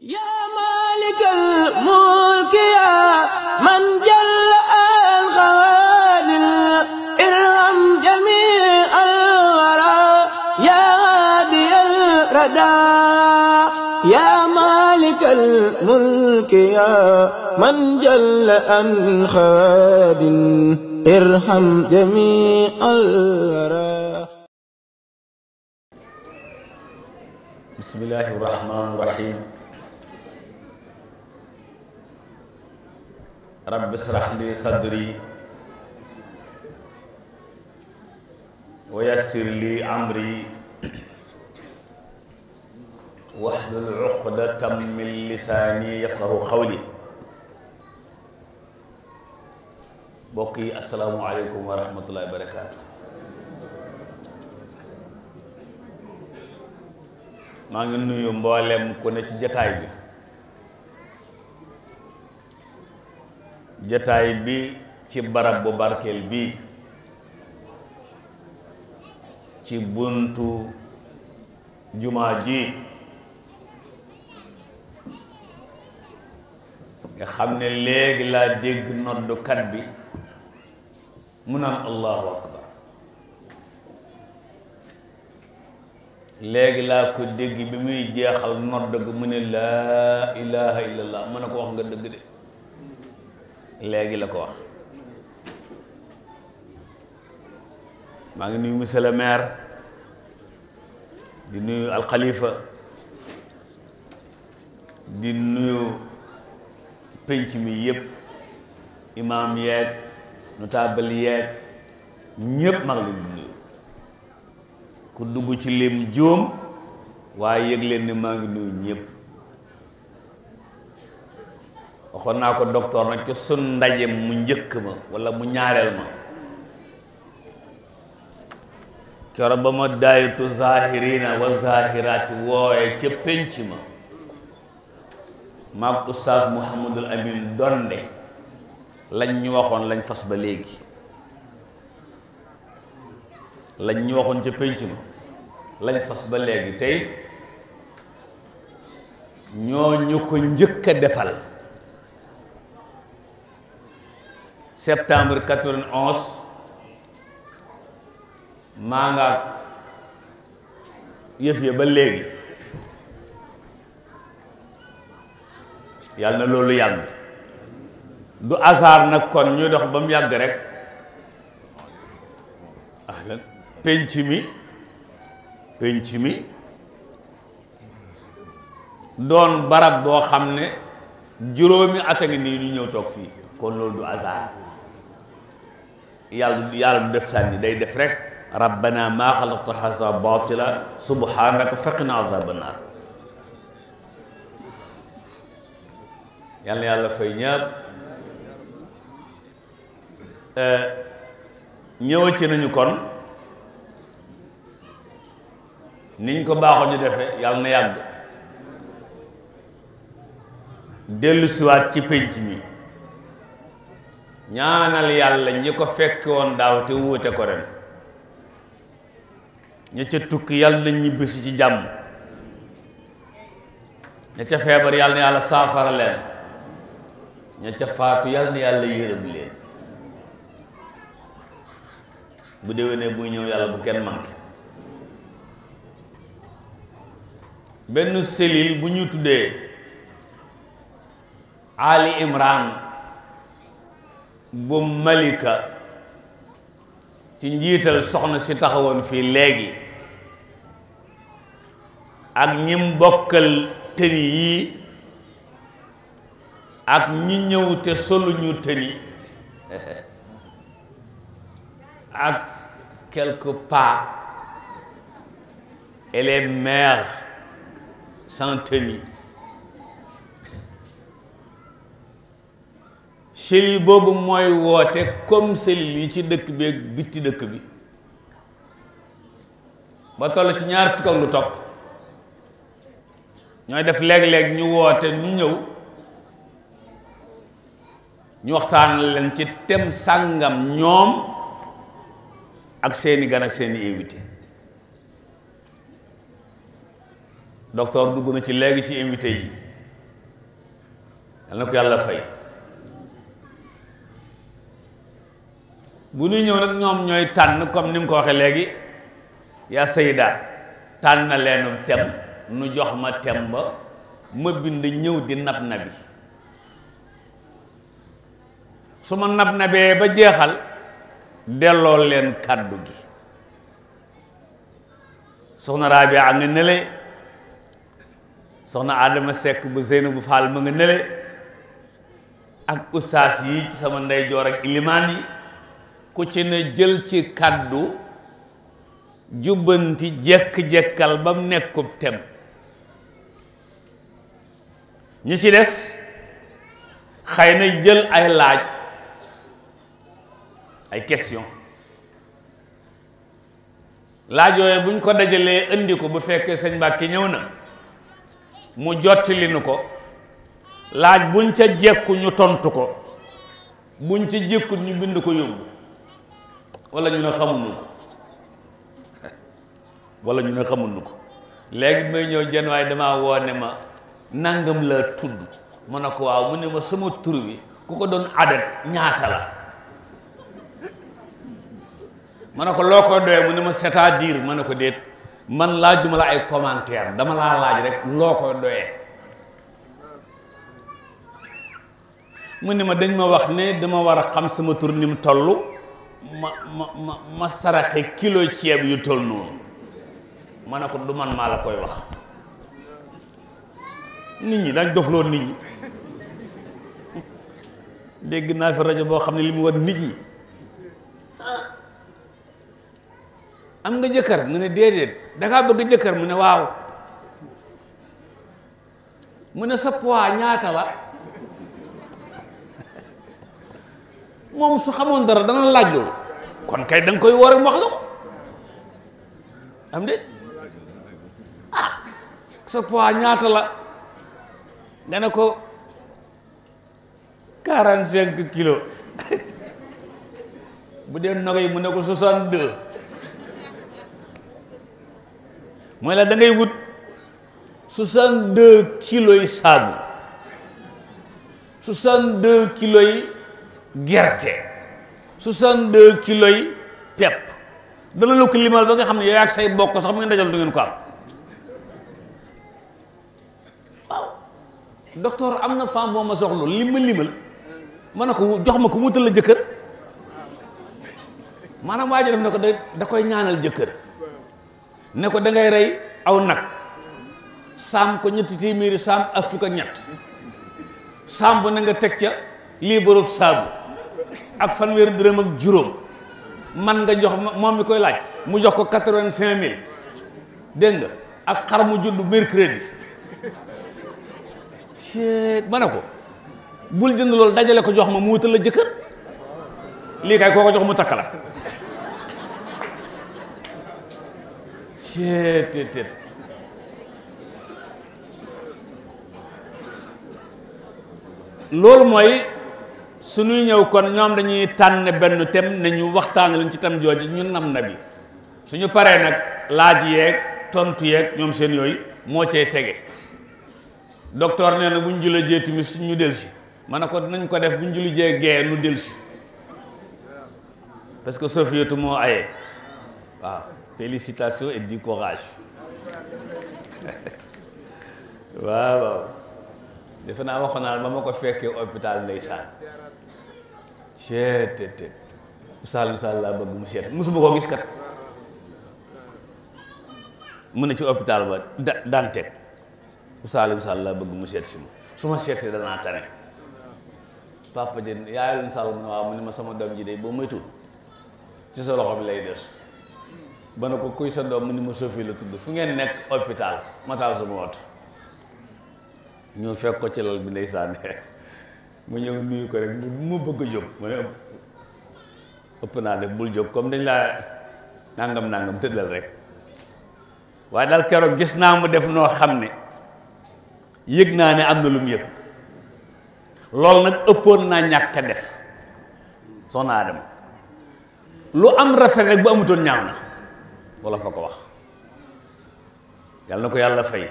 yaa maalikal mulki yaa man jalla al xawaadir irham jamii al waraa yaa haadiyal radaa yaa maalikal mulki yaa man jalla al xawaadir irham jamii al waraa bismillaahi rahmaani rahiim rabbi israh li sadri wa yassir li amri wahlul uqdatam min lisaani yafqahu qawli mbokk yi asalaamualeykum wa rahmatullahi wa barakaatu maa ngi nuyu mboolem ku ne ci jataay bi jataay bi ci barab bu barkeel bi ci buntu jumaa ji nga xam ne léegi laa dégg noddukat bi mu naan allahu akbar léegi laa ko dégg bi muy jeexal nodd gi mu ne laa ilaha illallah mu ne ko wax nga dëgg de léegi la ko wax maa ngi nuyu monsieur le di nuyu alxalifa di nuyu pénc mi yëpp imaam yeeg notable yeeg ñëpp mag la nuyu ku dugg ci lim juum waaye yëg leen maa ngi nuyu ñëpp waxoon naa ko docteur nag ci sun ndaje mu njëkk ma walla mu ñaareel ma kero ba ma daayitu zahirina wa zahirati wooye ca pénc ma maag oustaz mouhamadul amin donde lañ ñu waxoon lañ fas ba léegi lañ ñu waxoon ca pénc ma lañ fas ba léegi tey ñoo ñu ko njëkk a defal septembre 91 maa nga yëf ya ba léegi yàlla na loolu yàgg du hasard nag kon ñu dox ba mu yàgg rek ah lan penc mi penc mi doon barab boo xam ne juróomi at a ngi nii ñu ñëw toog fii kon loolu du hasard yàlla yàlla du def sànni day def rek rabbana maa xalaqta haza batila subhanaka faqina azaba naar yal na yàlla fay ñëpp ñëwa ci nañu kon niñ ko baaxoo ñu defe yàlla na yàgg dellu siwaat ci pénc mi ñaanal yàlla ñi ko fekk woon daaw te wuute ko ren ña ca tukki yàlla na ñibbisi ci jàmm ña ca feebar yàlla na yàlla saafara leen ca faatu yàlla na yàlla yërëm leen bu déwénee buy ñëw yàlla bu kenn manqué benn selil bu ñu tuddee Ali Imran bu Malika ci njiital soxna si taxawoon fii léegi ak ñim bokkal tëni yi ak ñi ñëw te soluñu tëni ak quelque part elle est mère cellule boobu mooy woote comme cellule yi ci dëkk bi ak bitti dëkk bi ba toll ci ñaar fukk lu topp ñooy def léeg-léeg ñu woote ñu ñëw ñu waxtaan leen ci tem sàngam ñoom ak seeni gan ak seeni invité docteur dugg na ci léegi ci invité yi yal ko yàlla fay bu ñuy ñëw nag ñoom ñooy tànn comme ni mu ko waxee léegi yaa seydaa tànn na leenum tem nu jox ma tem ba ma bind ñëw di nab nabi su ma nab nabee ba jeexal delloo leen kàddu gi na Rabia a nga nële soxna Adama Seck bu Zeynabu Fall ma nga nële ak ustaas yi ci sama ndeyjoor ak ilimaan yi ku ci ne jël ci kàddu jubbanti jekk-jekkal bam nekkub tem ñi ci des xëy na jël ay laaj ay question laaj yooyu buñ ko dajalee indi ko bu fekkee sëñ Mbàkke ñëw na mu jottali ko laaj buñ ca jekku ñu tontu ko buñ ca jékkut ñu bind ko yóbbu wala ñu ne xamuñu ko wala ñu ne xamuñu ko léegi may ñëw jenn waaye damaa woo ma nangam la tudd mu ne ko waaw mu ne ma sama tur bi ku ko doon adat ñaata la ma ne ko loo ko doyee mu ne ma c'est-à-dire ne ko déet man laajuma la ay commentaire dama laa laaj rek loo ko doyee mu ne ma dañ ma wax ne dama war a xam sama tur ni mu toll ma ma ma ma saraxe kilo ceeb yu toll noonu ma ne ko du man maa la koy wax nit ñi dañ dofloo nit ñi dégg naa fi rajo boo xam ne li mu war nit ñi am nga jëkkër mu ne déedéet dangaa bëgg jëkkër mu ne waaw mu ne sa poids ñaata la moom su xamoon dara dana laaj loolu kon kay danga koy woo rek mu wax la ko am de ah sa ñaata la nga ne ko quarante cinq kilos bu dee yi mu ne ko soixante deux mooy la dangay wut soixante deux kilo yi saabu soixante deux kilos yi gerte 62 kilos yi pepp dana la ko limal ba nga xam ne yow ak say bokk sax mu ngeen dajal du ngeen ko am waaw docteur am na femme boo ma soxla lima limal ma ne ko jox ma ko wutal la jëkkër maanaam waa ji ne ko da da koy ñaanal jëkkër ne ko da ngay rey aw nag saam ko ñetti téeméeri saam ak fukk ak ñett saam bu na nga teg ca lii borob saabu ak fanweeri dërëm ak juróom man nga jox moom li koy laaj mu jox ko quatre-vingt-cinq mille dégg nga ak xar mu judd mercredi seet ma ne ko bul jënd loolu dajale ko jox ma mu wutal la jëkkër lii kay koo ko jox mu takk la seet seet loolu mooy suñuy ñëw kon ñoom dañuy tànn benn thème nañu waxtaan lañ ci tam jooju ñun nam na bi suñu paree nag laaj yeeg tontu yeeg ñoom seen yooyu moo cee tege docteur nee na bu ñu jula ñu del si ma ne ko dinañ ko def bu ñu juli jee gee nu del si parce que Sofiatu moo aye waaw félicitations et du courage waaw waaw defe naa waxoon naa ba ma ko fekkee hôpital ndeysaan seet te te saalum saal laa bëgg mu seet musuma koo gis kat mu ne ci hôpital ba da daan teg saalum saal laa bëgg mu seet si ma su ma seetee danaa tane papa jën yaayalum saal mu ne waaw mu ne ma sama doom ji de boo moytuwul ci sa loxo bi lay des ba ne ko kuy sa doom mu ne ma sofi la tudd fu ngeen nekk hôpital ma taal sama woto ñëw fekk ko ci lal bi ndeysaan mu ñëw nuyu ko rek mu bëgg a jóg mu ne ëpp naa def bul jóg comme dañ laa nangam nangam tëddal rek waaye daal keroog gis naa mu def noo xam ne yëg naa ne am na lu mu yëg loolu nag ëppoon naa ñàkk a def soxna Adama lu am rafet rek bu amutoon ñaaw na walla fa ko wax yàlla na ko yàlla fay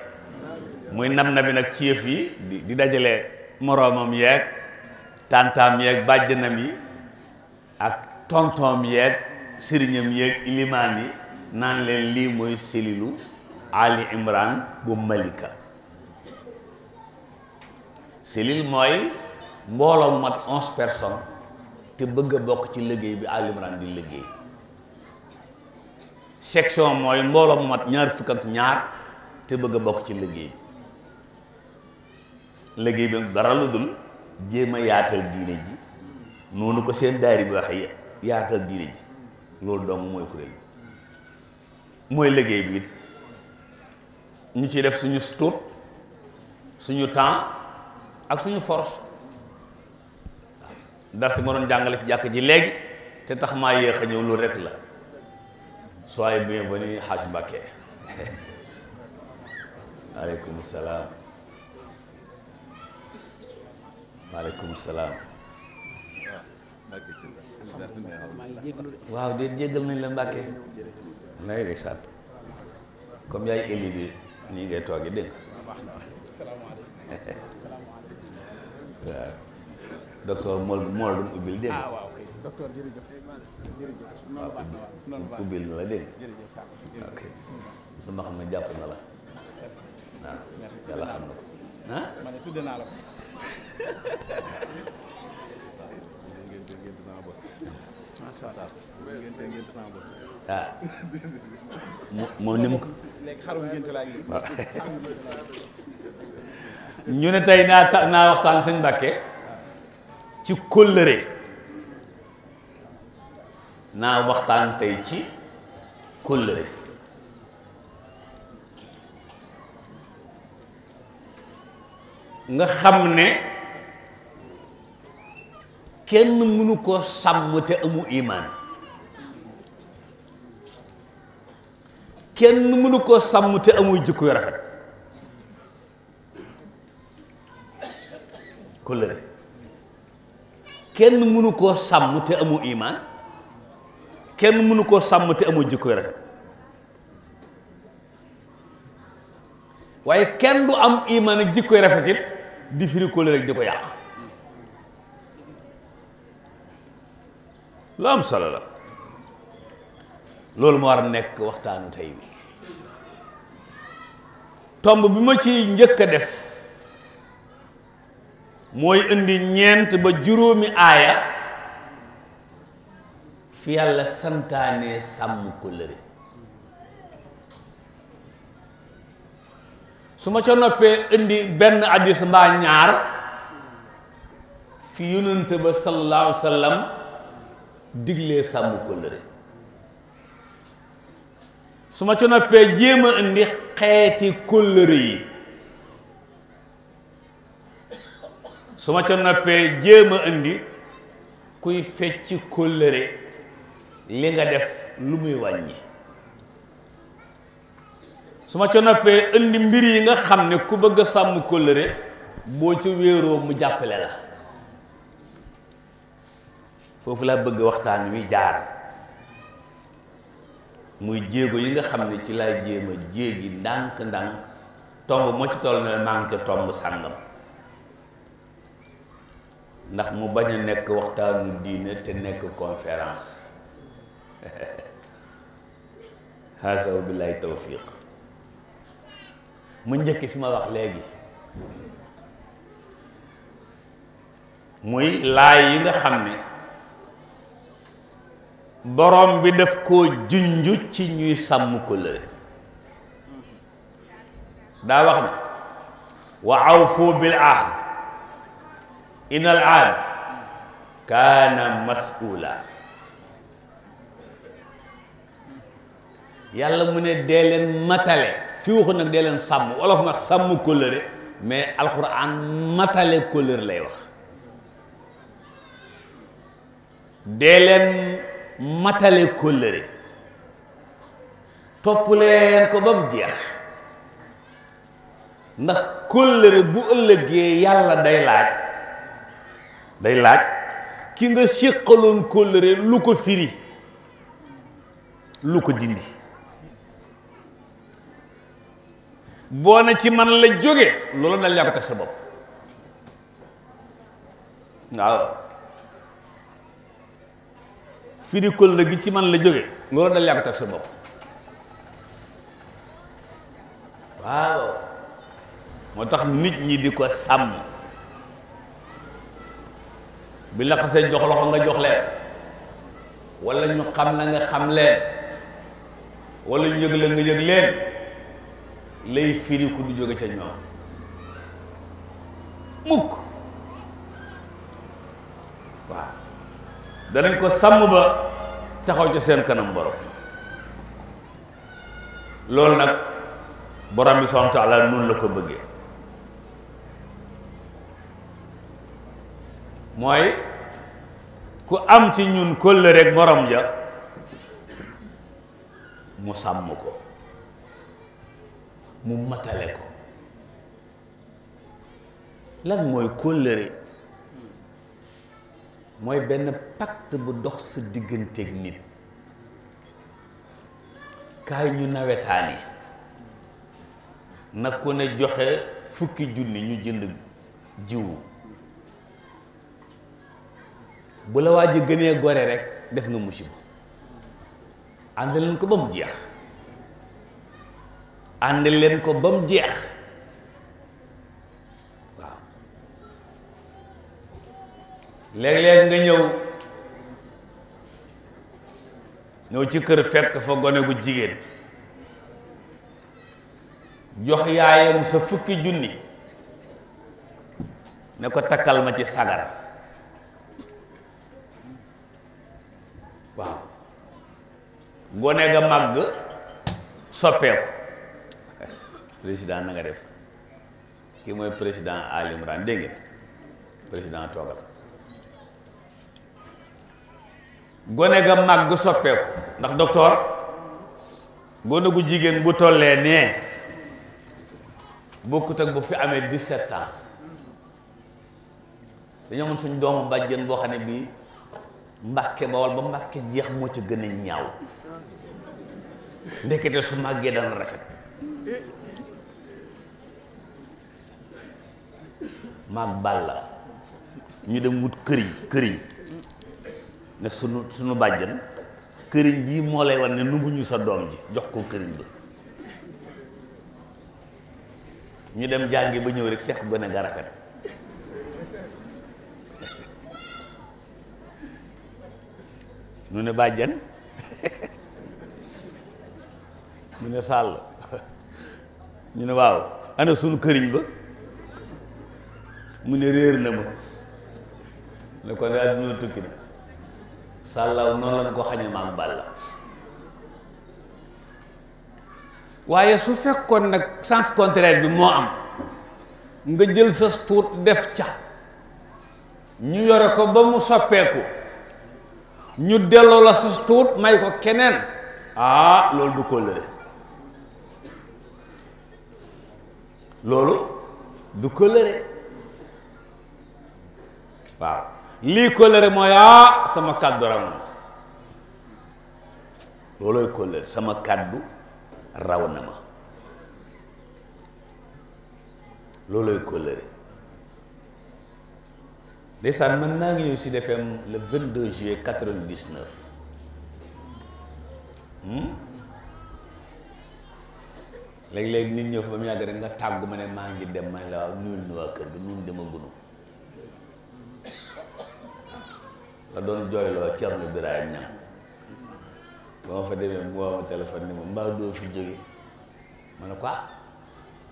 muy nam na bi nag ci yëf yi di di dajale moroomam yeeg tàntaam yeeg bàjjanam yi ak tontoom yeeg sëriñam yeeg ilimaan yi naan leen lii mooy selilu Ali Imran bu Malika selil mooy mbooloo mat onze personnes te bëgg a bokk ci liggéey bi Ali Imran di liggéey section mooy mbooloo mat ñaar fukk ak ñaar te bëgg a bokk ci liggéey bi liggéey bi dara lu dul jéem a yaatal diine ji noonu ko seen daayira bi waxee yaatal diine ji loolu dong mooy kuréel mooy liggéey bi ñu ci def suñu tuut suñu temps ak suñu force dar si ma doon jàngale ci jàkk ji léegi te tax maa yéex a ñëw lu rek la soyez bienvenue Hadj Mbacké aleykum salaam maaleykum salaam. waaw de jéggal nañ la Mbàkke. nay de sàtt comme yaay éli bi nii ngay toogee dégg waaw docteur mool mool dum ubbil dégg ah, waaw ubbil na la dégg ok su ma xam ne jàpp na la waaw yàlla xam na ko ah? waaw moom ni ko ñu ne tey naa ta naa waxtaan sëñ Mbàkke ci kóllëre naa waxtaan tey ci kóllëre nga xam ne kenn mënu ko sàmm te amu imaan kenn mënu koo sàmm te amuy jikko yu rafet kóllëre kenn mënu koo sàmm te amu imaan kenn mënu koo sàmm te amu jikko yu waaye kenn du am imaan ak jikko yu rafet it di firi kóllëre di ko yàq lu solo la loolu moo war nekk waxtaanu tey bi tomb bi ma ci njëkk a def mooy indi ñeent ba juróomi aaya fi yàlla santaane sàmm kóllëre su ma ca noppee indi benn addis mbaa ñaar fi yonent ba sallallahu alayhi diglee sàmm kóllëre su ma ci noppee jéem a indi xeeti kóllëre yi su ma ci noppee indi kuy fecc kóllëre li nga def lu muy wàññi su ma ci noppee indi mbir yi nga xam ne ku bëgg a sàmm kóllëre boo ci wéeroo mu jàppale la foofu laa bëgg waxtaan wi jaar muy jéego yi nga xam ne ci laay jéema jéegi ndànk-ndànk tomb moo ci toll ne maa ngi ca tomb sàngam ndax mu bañ a nekk waxtaanu diine te nekk conférence xaasa wa billahi tawfiq mu njëkk fi ma wax léegi muy laay yi nga xam ne borom bi daf koo junju ci ñuy sàmm kóllëre daa wax na wa awfu bil ahd inal ahd kaana mas'uula yàlla mu ne dee leen matale fi waxu nag dee leen sàmm wolof nag sàmm kóllëre mais alxuraan matale kóllëre lay wax dee leen matale kóllëre topp leen ko ba mu jeex ndax kóllëre bu ëllëgee yàlla day laaj day laaj ki nga séqaloon kóllëre lu ko firi lu ko dindi boo na ci man la jóge loolu dal yaa ko sa bopp waaw firi kóllëre gi ci man la jóge nga war dal yaa ko sa bopp waaw moo tax nit ñi di ko sàmm bi la xasee jox loxo nga jox leen wala ñu xam la nga xam leen wala ñu yëg la nga yëg leen lay firi ku du jóge ca ñoom mukk danañ ko sàmm ba taxaw ca seen kanam borom loolu nag borom bi subhaanahu wa taala noonu la ko bëggee mooy ku am ci ñun kóllëre ak borom ja mu sàmm ko mu matale ko lan mooy kóllëre mooy benn pacte bu dox sa digganteeg nit kaay ñu nawetaani na ku ne joxe fukki junni ñu jënd jiwu bu la waa ji gënee gore rek def nga mu musiba ànd leen ko ba mu jeex ànd leen ko ba mu jeex léeg-léeg nga ñëw ñëw ci kër fekk fa gone gu jigéen jox yaayam sa fukki junni ne ko takkal ma ci sagar waaw gone ga màgg soppeeku président na nga def kii mooy président Al Imran dégg ngeen président gone ga màgg soppeeku ndax docteur gone gu jigéen bu tollee nee bokkut ak bu fi amee 17 ans dañoo amoon suñ doomu bàjjen boo xam ne bii mbàkke bawal ba mbàkke jeex moo ca gën a ñaaw ndekete su màggee dana rafet maag bàll la ñu dem wut këriñ këriñ ne sunu sunu bàjjan këriñ bii moo lay wan ne numbu ñu sa doom ji jox koo këriñ ba ñu dem jàngi ba ñëw rek fekk gone ga rafet nu ne bàjjan ñu ne sàll ñu ne waaw ana sunu këriñ ba mu ne réer na ma ne kon daal dina tukki na sàllaw noonu lañ ko xañe maam Balla waaye su fekkoon nag sens contraire bi moo am nga jël sa tuut def ca ñu yore ko ba mu soppeeku ñu delloo la sa tuut may ko keneen ah loolu du kóllëre loolu du kóllëre waaw lii kóllëre mooy ah sama kàddu raw na ma loolooy kóllëre sama kàddu raw na ma loolooy kóllëre ndeysaan man naa ngi ñëw si defem le 22 juillet 99 hmm? léeg-léeg nit ñëw fa ba mu yàgg rek tàggu ma ne maa ngi dem ma ne la waaw nuyul nu waa kër gi nun dema gunu la doon jooyloo Cerno Birahim Ñaŋ ba ma fa demee mu woo ma téléphone ni ma mbaa doo fi jóge ma ne ko ah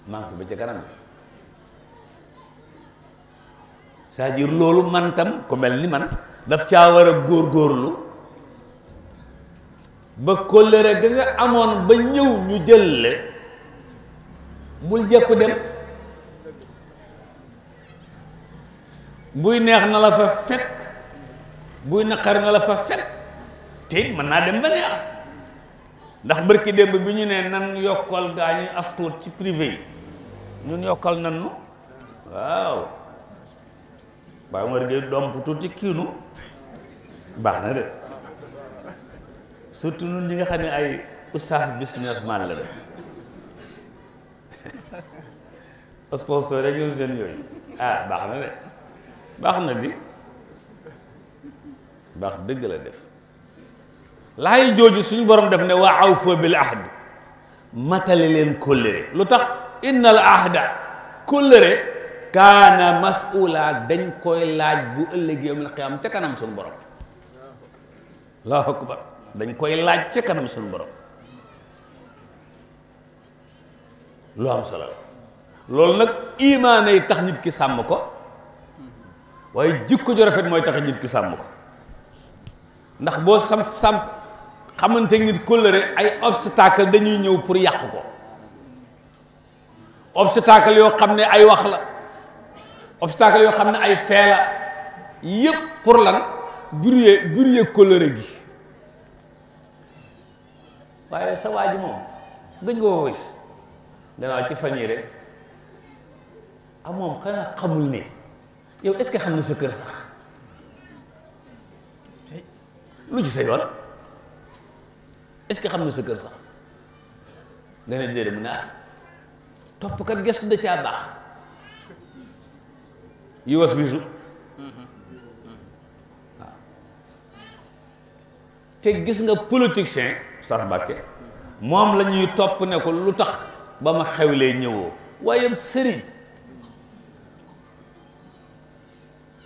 manque ba ca kanam cest à loolu man tam ku mel ni man daf caa war a góorgóorlu ba kóllëre ga nga amoon ba ñëw ñu jël la bul jekku dem buy neex na la fa fekk buy naqar na la fa fekk te it mën naa dem ba neex ndax bërki démb bi ñu ne nan yokkal gaa ñuy astuut ci privé yi ñun yokkal nan nu waaw Baye Omar Gueye domp tuuti kiinu baax na de surtout ñun ñi nga xam ne ay oustaz businessman la de sponsor rek ñun jeunes yooyu ah baax na de baax na di baax dëgg la def laay jooju suñu borom def ne waa aw bil ahd matale leen kóllëre lu tax innal ahda kóllëre kaana masula dañ koy laaj bu ëllëgee yawmal qiyaama ca kanam suñu borom allahu akbar koy laaj ca kanam suñu borom lu loolu nag imaane yi tax nit ki sàmm ko waaye jikko ju rafet mooy tax nit ki sàmm ko ndax boo sam samp xamante nit kóllëre ay obstacle dañuy ñëw pour yàq ko obstacle yoo xam ne ay wax la obstacle yoo xam ne ay fee yëpp pour lan brouiller brouiller kóllëre gi waaye sa waa ji moom gëj nga ko danaa ci fan yii rek ah moom xamul ne yow est-ce xam na sa kër sax lu ci sa yoon est-ce que xam na sa kër sax nga ne déedéet mu ne ah toppkat gestu da caa baax yu was te gis nga politicien sax Mbàkke moom la ñuy topp ne ko lu tax ba ma xewlee ñëwoo waaye sëriñ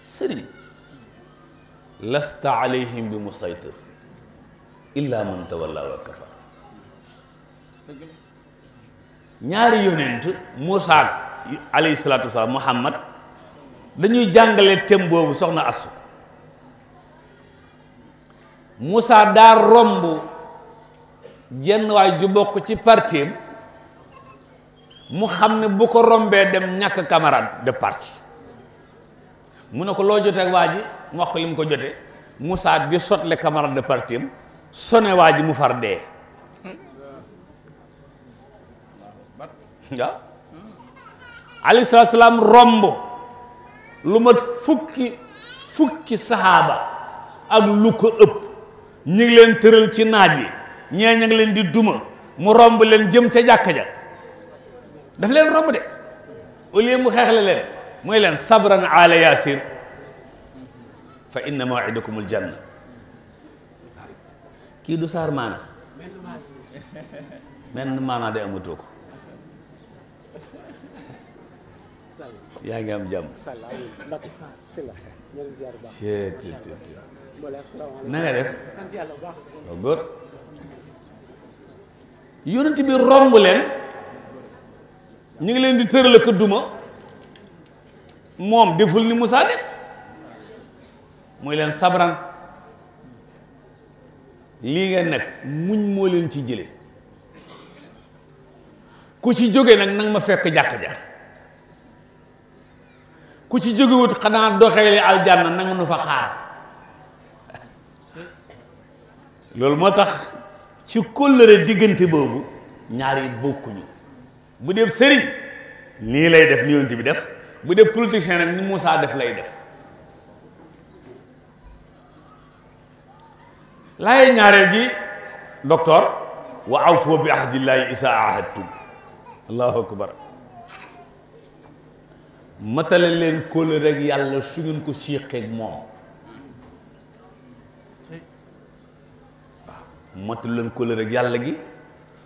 sëriñ lasta alayhim bi musaytir illa man tawalla wa kafar ñaari yonent Muusaa alayhi salaatu wasalaam Muhammad dañuy jàngale tem boobu soxna assu Muusaa daa romb jenn waay ju bokk ci parti mu xam ne bu ko rombee dem ñàkk camarade de parti mu ne ko loo jotee ak waa ji mu wax ko li mu ko jote musaat di sotle camarade de parti sone waa ji mu far dee waaw alayhi salaam romb lu mat fukki fukki saxaaba ak lu ko ëpp ñu ngi leen tëral ci naaj wi ñee ña ngi leen di duma mu romb leen jëm ca jàkka ja daf leen romb de au lieu mu xeexle leen mooy leen sabran ala yasir fa inna mawidakum al kii du saar maana menn maanaa day amatoo ko yaa ngi am jàmm na def oo góor yonent bi romb leen ñu ngi leen di tëral ak duma moom deful ni Moussa def muy leen sabran lii ngeen nag muñ moo leen ci jële ku ci jóge nag nang ma fekk jàkk ja ku ci jógewut xanaa doxeele aljanna nanga nu fa xaar loolu moo tax ci kóllëre diggante boobu ñaari bokkuñu bu dee sëriñ nii lay def ni yonent bi def bu dee politicien nag ni Moussa def lay def lay ñaareel ji docteur wa awfoo bi ahdillaahi isa ahadtum allahu akbar matale leen kóolu yàlla su ngeen ko siiqeeg moom waaw matale yàlla gi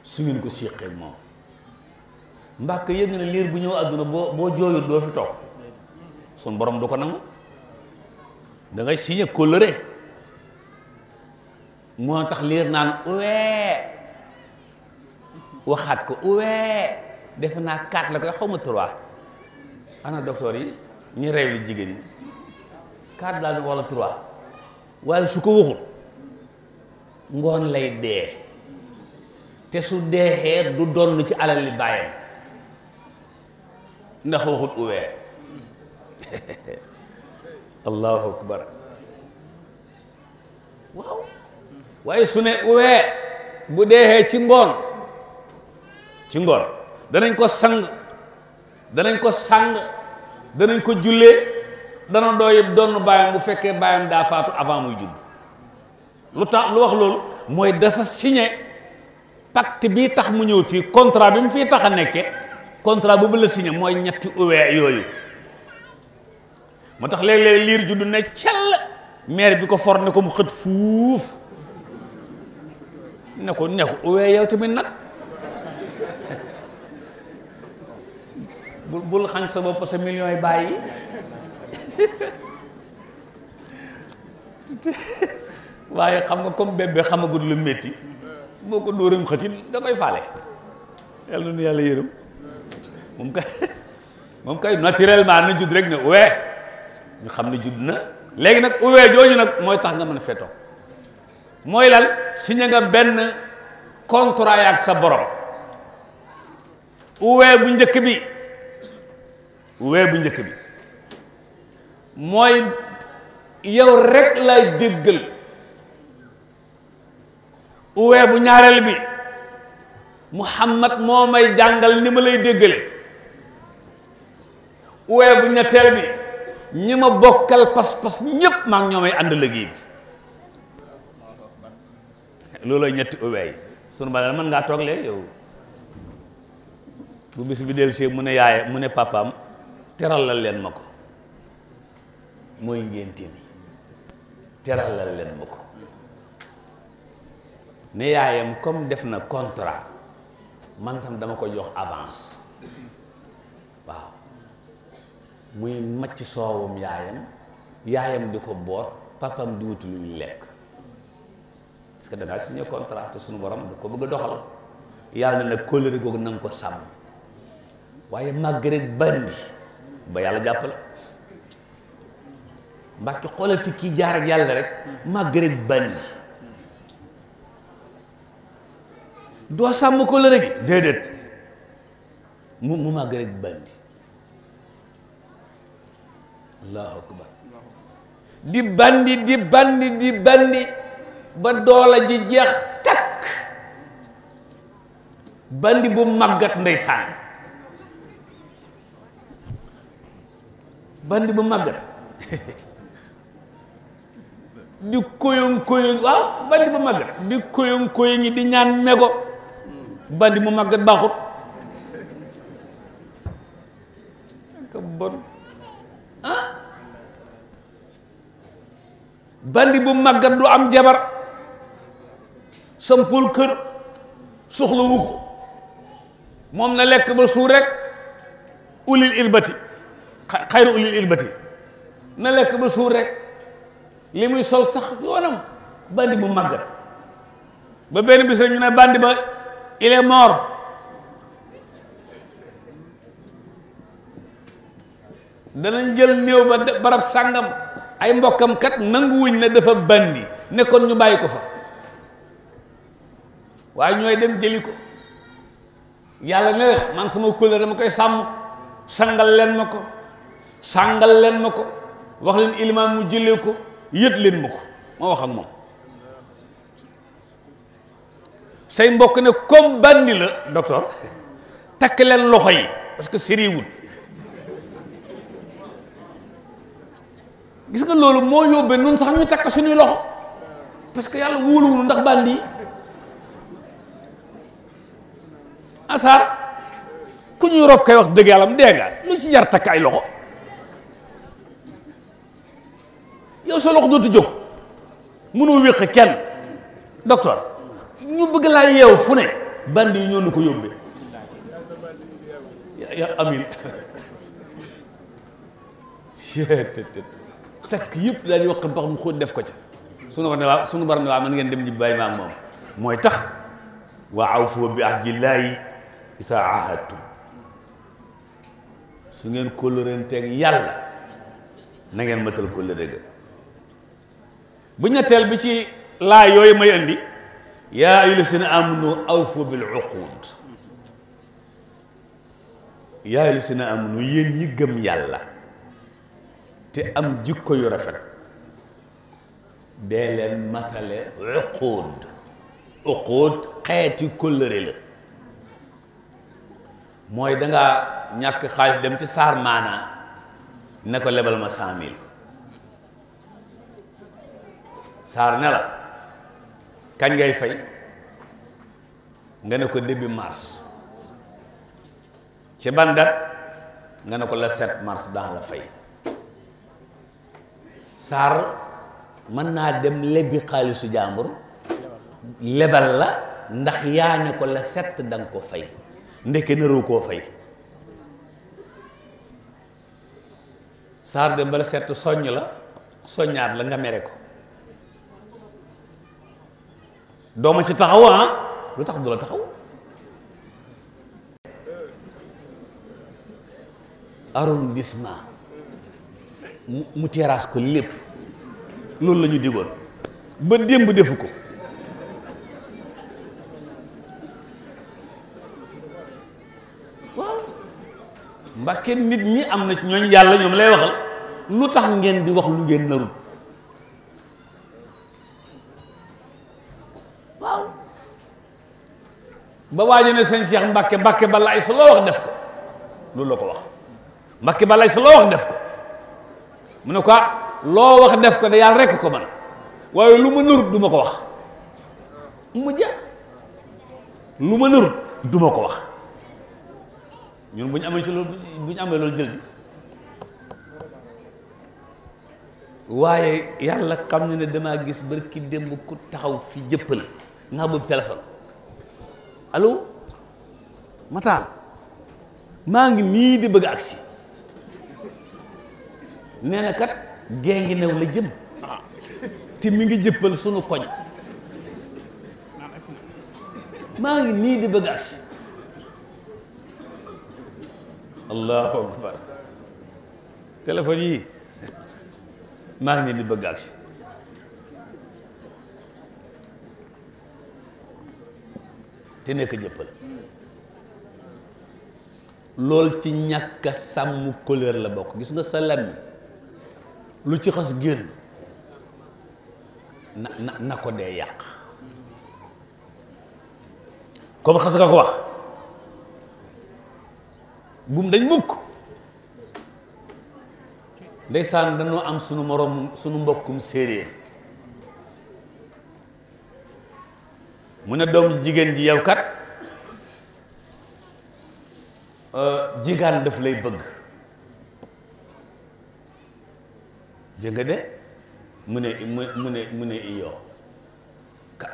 su ngeen ko siiqeeg moom mbàkk yëg na liir bu ñëw àdduna boo boo jooyut doo fi toog suñ borom du ko nangu da ngay signé coloré moo tax liir naan uwee waxaat ko uwee defe naa quatre la koy xaw ma trois ana docteur yi ñu reew li jigéen yi quatre daal wala trois waaye su ko waxul ngoon lay dee te su deexee du donn ci alal li bàyyam ndax waxut uwee allahu akbar waaw waaye su ne uwee bu deexee ci ngoon ci ngoon danañ ko sang danañ ko sang danañ ko jullee dana dooy donn baayam bu fekkee baayam daa faatu avant muy judd lu tax lu wax loolu mooy dafa signé pacte bii tax mu ñëw fii contrat bi mu fii tax a nekke contrat boobu la signé mooy ñetti uwee yooyu moo tax léeg-léeg liir juddu ne cell maire bi ko for ne ko mu xët fuuf ne ko ne ko uwee yow tamit nag bul bul xañ sa bopp sa yi bàyyi waaye xam nga comme bébé lu métti boo ko dóoram xëtin damay faale yàlla nu yàlla yërëm moom kay moom kay naturellement na judd rek ne uwee ñu xam ne judd na léegi nag uwee jooju nag mooy tax nga mën a fetoo mooy lal signé nga benn contrat yaak sa borom uwee bu njëkk bi uwee bu njëkk bi mooy yow rek lay jéggal uwee bu ñaareel bi Muhammad moo may jàngal ni ma lay déggale waaye buñ ne bi ñi ma bokkal pas-pas ñépp maa ngi ñoomay ànd liggéey bi loolooy ñetti uwee yi sunu ba mën ngaa toog lee yow bu bis bi del mu ne yaaye mu ne papaam teralal leen ma ko mooy ngénte ni teralal leen ma ko ne yaayam comme def na contrat man tam dama ko jox avance muy macc soowam yaayam yaayam di ko boor papam di wuti lu ñu lekk parce que dangaa si contrat te suñu borom da ko bëgg a doxal yàlla na nag kóllëre googu na ko sàmm waaye màgg rek bandi ba yàlla jàpp la mbàkke xoolal fi kii jaar ak yàlla rek màgg rek bandi doo sàmm kóllëre gi déedéet mu mu màgg rek bandi allahu di bandi di bandi di bandi ba doola ji jeex takk bandi bu màggat ndeysaan bandi bu màggat di koyoŋ koyoŋ waaw bandi bu màggat di koyoŋ koyoŋ yi di ñaan mego bandi mu màggat baaxut bandi bu màggat du am jabar sampul kër soxlawu ko moom na lekk ba suur rek ulil ilbati xayru ulil ilbati na lekk ba suur rek li muy sol sax yoonam bandi bu màggat ba benn bis rek ñu ne bandi ba il est mort danañ jël néew ba barab sàngam ay mbokkam kat nanguwuñ na dafa bandi ne kon ñu bàyyi ko fa waaye ñooy dem jëli ko yàlla ne la man sama kóllëre dama koy sàmm sàngal leen ma ko sàngal leen ma ko wax leen ilimaan mu jëlee ko yët leen ma ko ma wax ak moom say mbokk ne comme bandi la docteur takk leen loxo yi parce que sériwul gis nga loolu moo yóbbee nun sax ñu takk suñuy loxo parce que yàlla wóoluwul ndax bandi yi asaar ku ñuy rob kay wax dëgg yàlla mu dee nga lu ci jar takk ay loxo yow sa loxo dootu jóg mënoo wéq kenn docteur ñu bëgg laa yeew fu ne bandi yi ñoo nu ko yóbbee ya amin takk yépp daal di wax mbax mu xóot def ko ci sunu war ne waa sunu mën ngeen dem di bàyyi maag moom mooy tax waa aw awfu bi ahdillahi isa ahadtum su ngeen kóllëranteeg yàlla na ngeen matal kóllëre ga bu bi ci laa yooyu may indi yaa ayyuha llazina amanu awfu bil uqud yaa ayyuha llazina amanu yéen ñi gëm yàlla te am jikko yu rafet dee leen matale uquud uquud xeeti kóllëre la mooy danga ñàkk xaalis dem ci saar maana ne ko lebal ma cent mille saar ne kañ ngay fay nga ne ko début mars ci ban nga ne ko la set mars daan la fay Sarr mën naa dem lebbi xaalisu jàmbur lebal la ndax yaa ne ko la set da nga ko fay ndeke naroo koo fay Sarr dem ba la set soññ la soññaat la nga mere ko dooma ci taxaw ah lu tax du la taxaw arrondissement mu terrasse ko lépp loolu lañu ñu digoon ba démb defu ko waaw mbàkke nit ñi am na ci ñooñ yàlla ñoom lay waxal lu tax ngeen di wax lu ngeen narut waaw ba waajo ne sëñ Cheikh Mbàkke Mbàkke ba lay sa loo wax def ko loolu la ko wax Mbàkke ba lay sa loo wax def ko mu ne ko ah, loo wax def ko de yàlla rekk ko man waaye lu ma nërut du ko wax mu ja lu ma nërut du ko wax ñun bu ñu amee ci loolu bu ñu amee loolu jël di waaye yàlla xam ne ne damaa gis barki démb ku taxaw fi jëppal nga boobu téléphone allo Matar maa ngi nii di bëgg agsi nee na kat gée ngi new la jëm te mi ngi jëppal sunu koñ maa ngi nii di bagage allahu akbar téléphone maa ngi di bagage te nekk jëppal lool ci ñàkk sàmm couleur la bokk gis nga sa làmmiñ lu ci xas génn na na na ko dee yàq comme xas nga ko wax bum dañ mukk ndeysaan dañoo am sunu morom sunu mbokkum séeréer mu ne doom jigéen ji yow kat euh, jigaan daf lay bëgg dégg de mu ne mu mu ne mu ne iyoo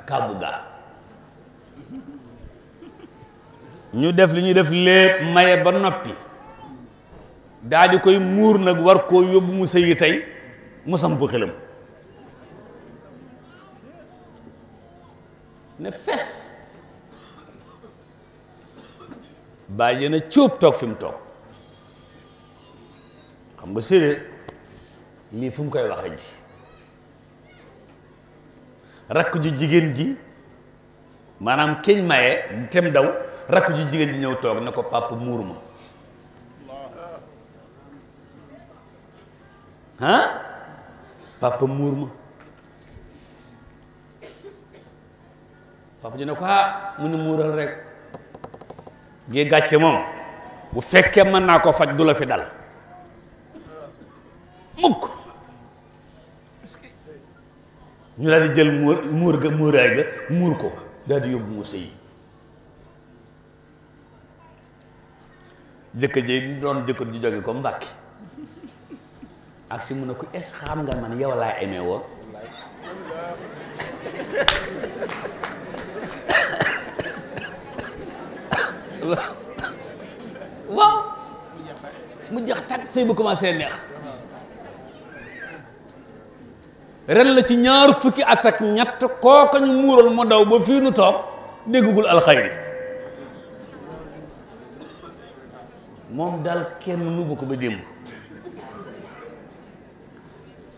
kabuga ñu def li ñu def lépp maye ba noppi daa koy muur nag war koo yóbbu mu sëyi tey mu samp xelam ne fes bàyyi na cuub toog fi toog xam nga séeréer lii fu koy waxe ji rakk ju jigéen ji maanaam keñ maye tem daw rakk ju jigéen ji ñëw toog na ko pàpp muur ma ah pàpp muur ma pàpp ji ne ko ah mu ñu muural rek gee gàcce moom bu fekkee mën naa ko faj du la fi dal mukk ñu daal di jël muur muur ga muuraay ga muur ko daal di yóbbu mu sëy jëkk ji doon jëkkër ju jóge ko mbàkki ak si mun ne ko est xam nga man yow laa aimé woon waaw mu jax tag sëy bu commencé neex ren la ci ñaar fukki at ñett kooka ñu muuroon mu daw ba fii nu toog déggugul alxayri moom daal kenn nubu ko ba démb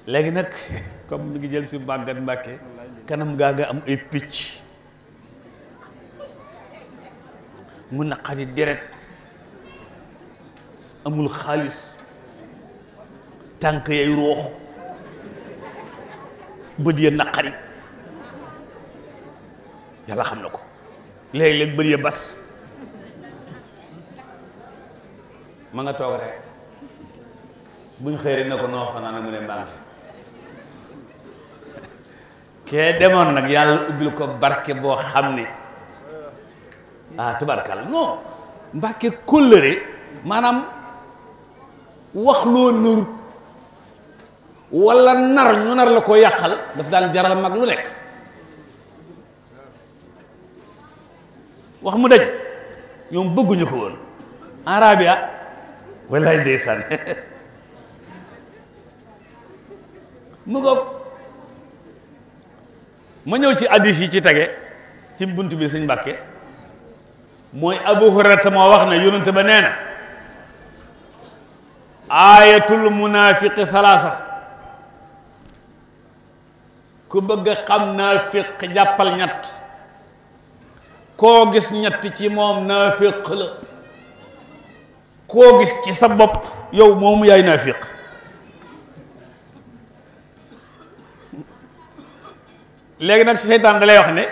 léegi nag comme mu ngi jël si màggat mbàkke kanam gaa nga am ay picc mu naqari deret amul xaalis tànk yay roox bët ya naqari yàlla xam na ko léeg-léeg bët ya bas ma nga toog rek buñ xëyri na ko noo fanaan mu ne mbaa fi kee demoon nag yàlla ubbil ko barke boo xam ne ah tubarkal non mbàkke kóllëre maanaam wax loo nërut wala nar ñu nar la ko yàqal daf daan jaral mag lu lekk wax mu daj ñoom bëgguñu ko woon arabia wallaay ndeysaan mu ngoog ma ñëw ci addis yi ci tege ci bunt bi suñ mbàkke mooy abu hurairata moo wax ne yonente ba nee na ayatul munafiqi thalaasa ku bëgg a xam naafiq jàppal ñett koo gis ñett ci moom naafiq la koo gis ci sa bopp yow moomu yaay naafiq léegi nag seytaan da lay wax ne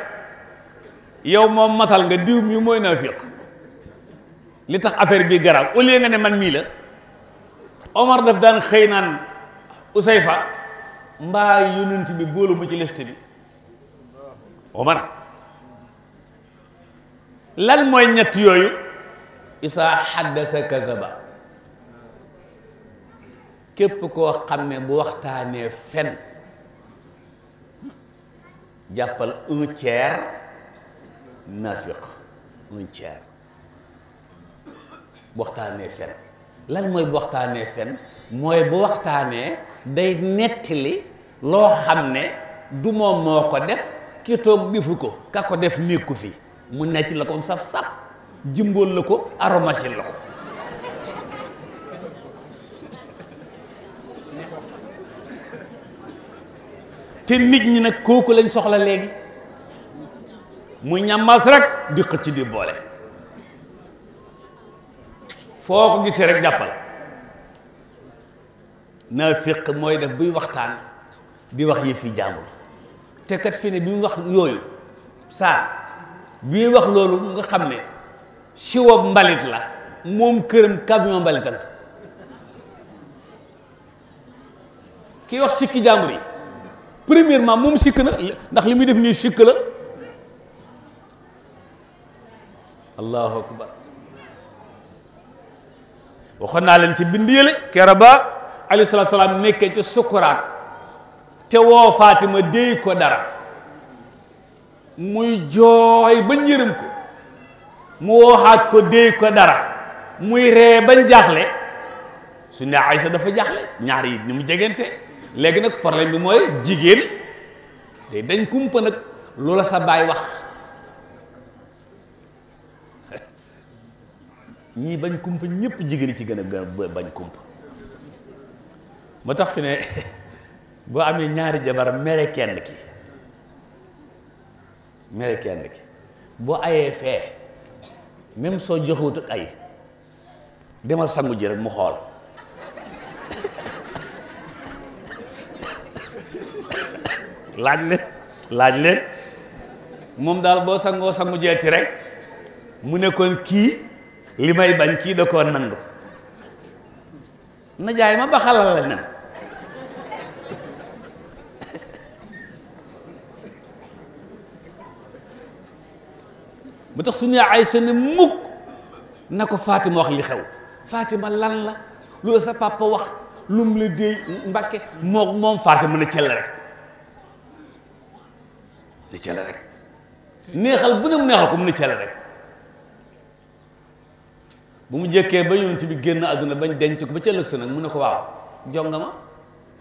yow moom matal nga diw mi mooy naafiq li tax affaire bi garaaw au lieu nga ne man mii la Omar daf daan xëy naan Usayfa mbaa yonent bi boolu mu ci liste bi Omar lan mooy ñett yooyu issa xaddasa kazaba képp koo xam ne bu waxtaanee fen jàppal un tiers nafiq un tiers bu waxtaanee fen lan mooy bu waxtaanee fen mooy bu waxtaanee day nettali loo xam ne du moom moo ko def ki toog defu ko ka ko def nekku fi mu nekk la ko saf-saf jimbool la ko aromasil la ko te nit ñi nag kooku lañ soxla léegi mu ñammas rek di xëcc di boole foo ko gisee rek jàppal naa féq mooy def buy waxtaan di wax yëf yi jàmbur kat fi ne bi mu wax yooyu saar bi wax loolu nga xam ne siwob mbalit la moom këram camion mbalital fa ki wax sikki jàmbur yi premièrement moom sikk na ndax li muy def nii sikk la allahu akbar waxoon naa leen ci bind yële kera ba alayhi salaam nekkee ci sukuraat te woo Fatima déy ko dara muy jooy ba njërëm ko mu wooxaat ko déy ko dara muy ree bañ jaaxle su ne Aysa dafa jaaxle ñaar yi ñu mu jegante léegi nag problème bi mooy jigéen day dañ kumpa nag loola sa baay wax ñii bañ kumpa ñëpp jigéen ci gën a gën bañ kumpa moo tax fi ne boo amee ñaari jabar mere kenn ki mere kenn ki boo ayee fee même soo joxewut ay demal sangu ji rek mu xool laaj leen laaj leen moom daal boo sangoo sangu jeeti rek mu nekkoon kii li may bañ kii da koo nangu na jaay ma baxalal la nen bu tax su ay Aysa ne mukk na ko Fatima wax li xew Fatima lan la loolu sa papa wax lu mu la déey Mbàkke moo moom Fatima ne cëll rek ne cëll rek neexal bu ne mu neexal ko mu ne cëll rek bu mu jëkkee ba yonent bi génn àdduna bañ denc ko ba cëllëg sa nag mu ne ko waaw jongama ma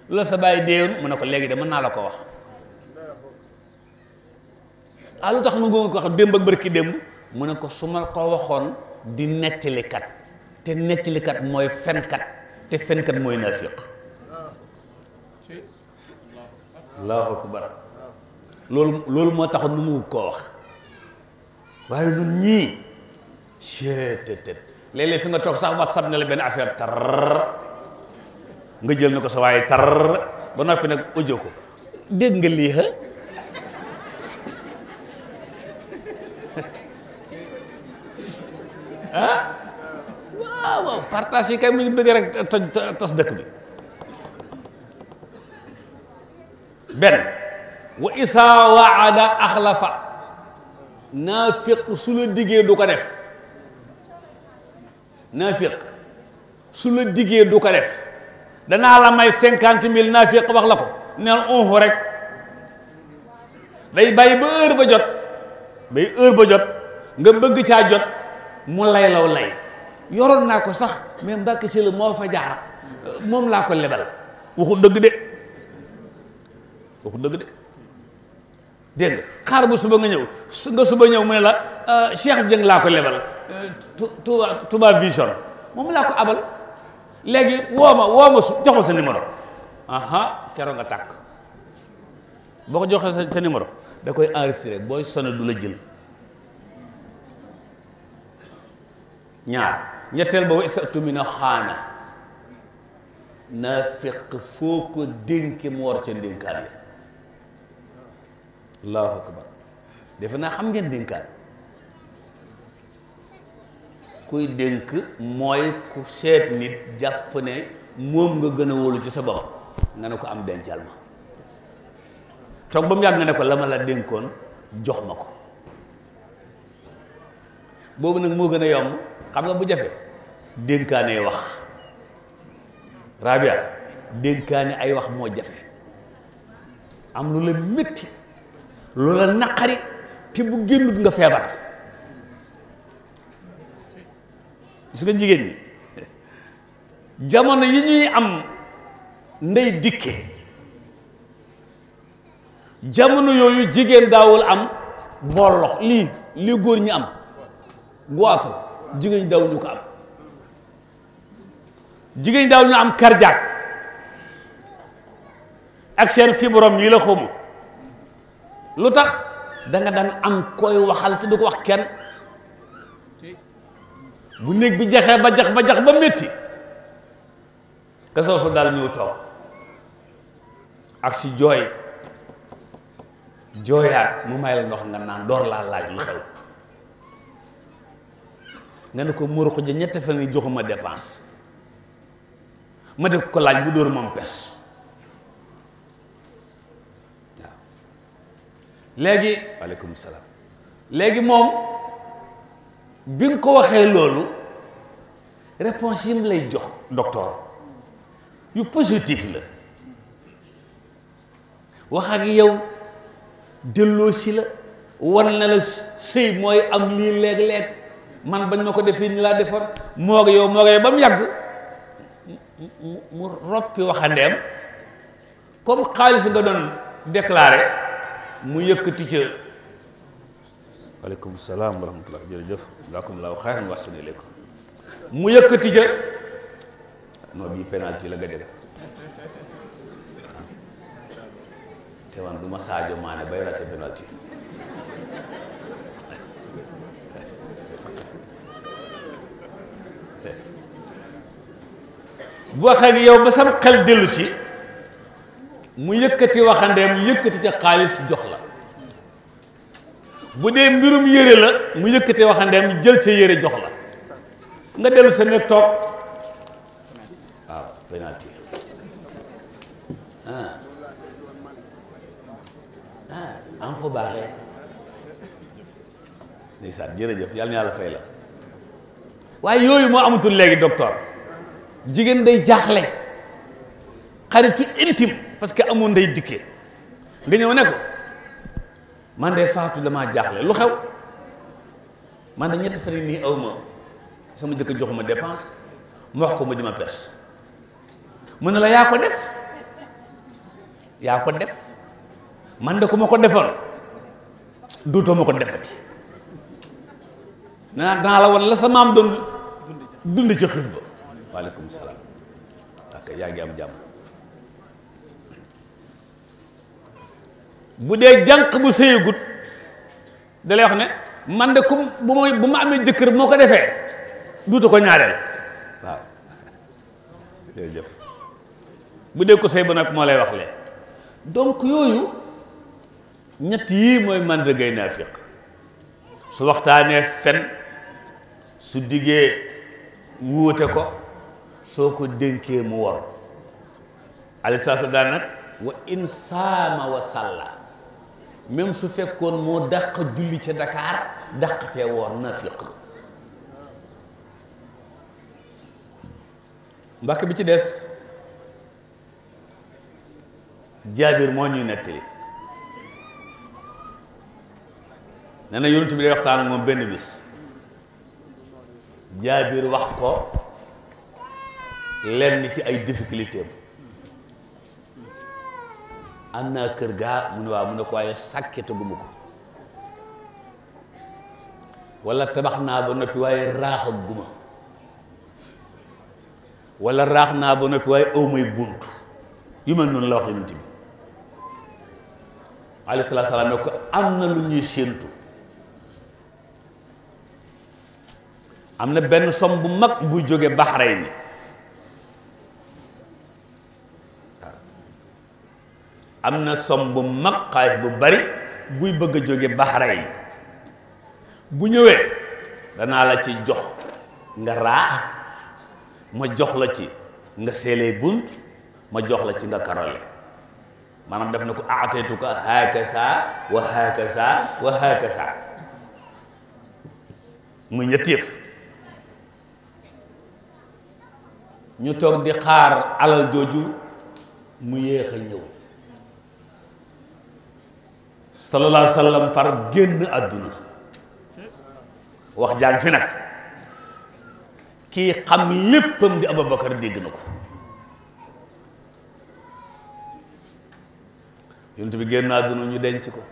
loolu sa bàyyi déeyoon mu ne ko léegi de mën naa la ko wax ah lu tax mu nga ko xam démb ak bërki démb mu ne ko su ma ko waxoon di nettalikat te nettalikat mooy fenkat te fenkat mooy naafiq allahu akbar loolu loolu moo tax nu mu koo wax waaye ñun ñii seetet léeg-léeg fi nga toog sax whatsapp ne la benn affaire tar nga jël na ko sa waaye tar ba noppi nag audio ko dégg nga lii ah waaw waaw partage yi kay mu ngi bëgg rek toj tas dëkk bi benn wa isa waada axlafa naa féq su la diggee du ko def naa féq su la diggee du ko def danaa la may cinquante mille naa wax la ko neel unhu rek day bàyyi ba heure ba jot bay heure ba jot nga bëgg caa jot mu lay law lay yoroon naa ko sax mais Mbàkke si la moo fa jaar moom laa ko lebal waxu dëgg de waxu dëgg de dégg xaar bu suba nga ñëw nga suba ñëw mu ne la euh, Cheikh Jëng laa ko lebal euh, Touba Touba Vision moom laa ko abal léegi woo ma woo ma jox ma sa numéro aha keroog nga tàkk boo ko joxee sa numéro da koy enregistré booy sonné du la jël ñaar ñetteel ba wa isatumi na xaana naa fekk foo ko dénki mu war ca ndénkaan ya allahu akbar defe naa xam ngeen dénkaan kuy dénk mooy ku seet nit jàpp ne moom nga gën a wóolu ci sa bopp nga ne ko am dencal ma toog ba mu yàgg nga ne ko la ma la dénkoon jox ma ko boobu nag moo gën a yomb xam nga bu jafe dénkaanee wax rabia dénkaane ay wax moo jafe am lu la métti lu la naqari te bu génnut nga feebar gis nga jigéen ñi jamono yi ñuy am ndey dikke jamono yooyu jigéen daawul am bollox lii lii góor ñi am goitre jigéen daaw ñu ko am jigéen daaw ñu am cardiaque ak seen fibrom yi la xamu lu tax da nga daan am koy waxal te du ko wax kenn bu néeg bi jaxee ba jax ba jax ba metti nga soo su daal ñëw toog ak si jooy jooyaat mu may la ndox nga naan door laa laaj lu xew nga ne ko muru xuj ñetti fan yi joxuma dépense ma def ko laaj bu dóor moom pes waaw léegi waaleykum salaam léegi moom bi nga ko waxee loolu réponse yi mu lay jox docteur yu positif la wax ak yow delloo si la wan na la sëy mooy am lii léeg-léeg man bañ ma ko defee ni laa defoon moog yow moog yow ba mu yàgg mu roppi waxandeem comme xaalis nga doon déclaré mu yëkkati ca aleykum salaam wa rahmatullah jërëjëf jaakumullahu xayran wa ahsana ilaykum mu yëkkati ca non bii penalty la nga def te man du ma Sadio Mané bay raté penalty bu wax ak yow ba sama xel dellu si mu yëkkati waxandeem yëkkati ca xaalis jox la bu dee mbirum yére la mu yëkkati waxandeem jël ca yére jox la nga dellu sa nekk toog waaw ah, penalty ah. am ko baaxee ndeysaan jërëjëf yàlla na yàlla fay la waaye yooyu moo amatul léegi docteur jigéen day jaaxle xaritu intime parce que amoon day dikkee nga ñëw ne ko man de faatu damaa jaaxle lu xew man de ñetti fan yii nii aw ma sama jëkk joxuma dépense mu wax ko ma dima pes mu ne la yaa ko def yaa ko def man de ku ma ko defal dootoo ma ko defati naa danaa la wan la sa maam doon dund ci xiif ba waaleykum am jàmm bu dee jànq bu sëyagut da lay wax ne man de kum bu ma amee jëkkër moo ko defee duutu ko ñaareel waaw jërëjëf bu dee ko sëy ba nag moo lay wax lee donc yooyu ñett yii mooy màndargay naafiq su waxtaanee fen su diggee wuute ko soo ko dénkee mu wor aleyhi salaatu daan nag wa in saama wa salla même su fekkoon moo dàq julli ca Dakar dàq fee woor naafiq mbàkk bi ci des jaabir moo ñuy nettali nee na yonent bi lay waxtaan ak moom benn bis jaabir wax ko lenn ci ay difficulté am naa kër gaa mu ne waaw mu ne ko waaye sàkkete gu ko wala tabax naa ba noppi waaye raaxa guma wala raax naa ba noppi waaye aw may bunt yu mel noonu la wax yonent bi alayhi salaatu salaam ne ko am na lu ñuy séentu am na benn som bu mag buy jóge Bahrayn ni am na somb bu mag xaalis bu bari buy bëgg a jóge Bahrayn bu ñëwee danaa la ci jox nga raax ma jox la ci nga seelee bunt ma jox la ci nga karole maanaam def na ko aateetuka haakasa wa haakasa wa haakasa muy ñetti yëf ñu toog di xaar alal jooju mu yéex a ñëw sallallahu alayhi wa sallam far génn àdduna wax jaan fi nag kii xam léppam di Abubakar dégg na ko yonent bi génn àdduna ñu denc ko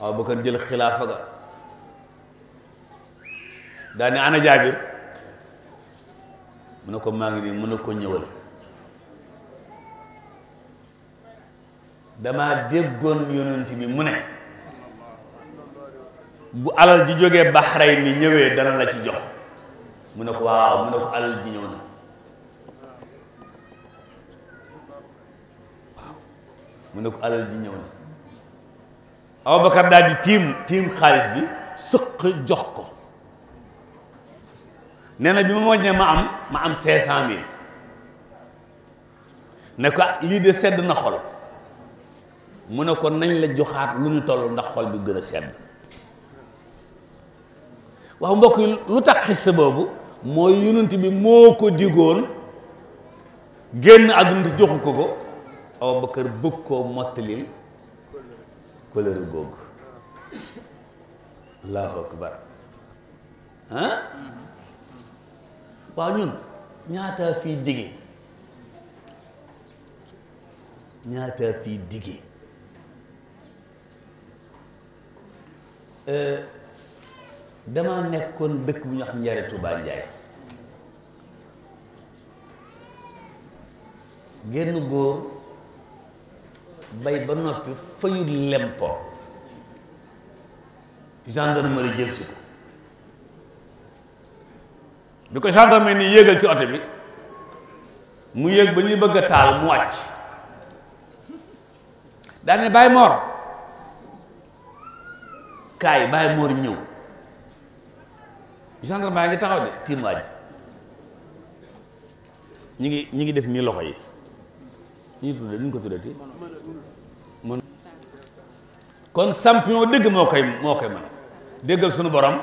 Abubakar jël xilaafa ga daane ana Jaabir mu ne ko maa ngi nii mu ne ko ñëwal dama déggoon yonent bi mu ne bu alal ji jógee baxaray mi ñëwee dana la ci jox mu ne ko waaw mu ne ko alal ji ñëw na mu ne ko alal ji ñëw na Abubakar daal di tiim tiim xaalis bi sëq jox ko neena bi ma moññee ma am ma am cinq cent mille ne ko ah, lii de sedd na xol mu ne ko nañ la joxaat lu ñu toll ndax xol bi gën a sedd waaw mbokk yi lu tax xis boobu mooy yonent bi moo ko digoon génn àdduna joxu ko ko Abu Bakar bëgg koo mottalil kolëre googu allahu akbar ah waaw ñun ñaata fii diggee ñaata fii diggee euh, dama nekkoon dëkk bu ñu wax njare Touba Njaay génn góor bay ba noppi fayul lempo gendarmerie jël si ko bi ko gendarme ni yéegal ci oto bi mu yéeg ba ñuy bëgg a taal mu wàcc daane bàyyi moor kaay bàyyi moor ñëw gendarme yaa ngi taxaw de tiim waa ñu ngi ñi ngi def nii loxo yi ñu tudde ñu ko tuddati mën kon champion dëgg moo koy moo koy mën déggal suñu borom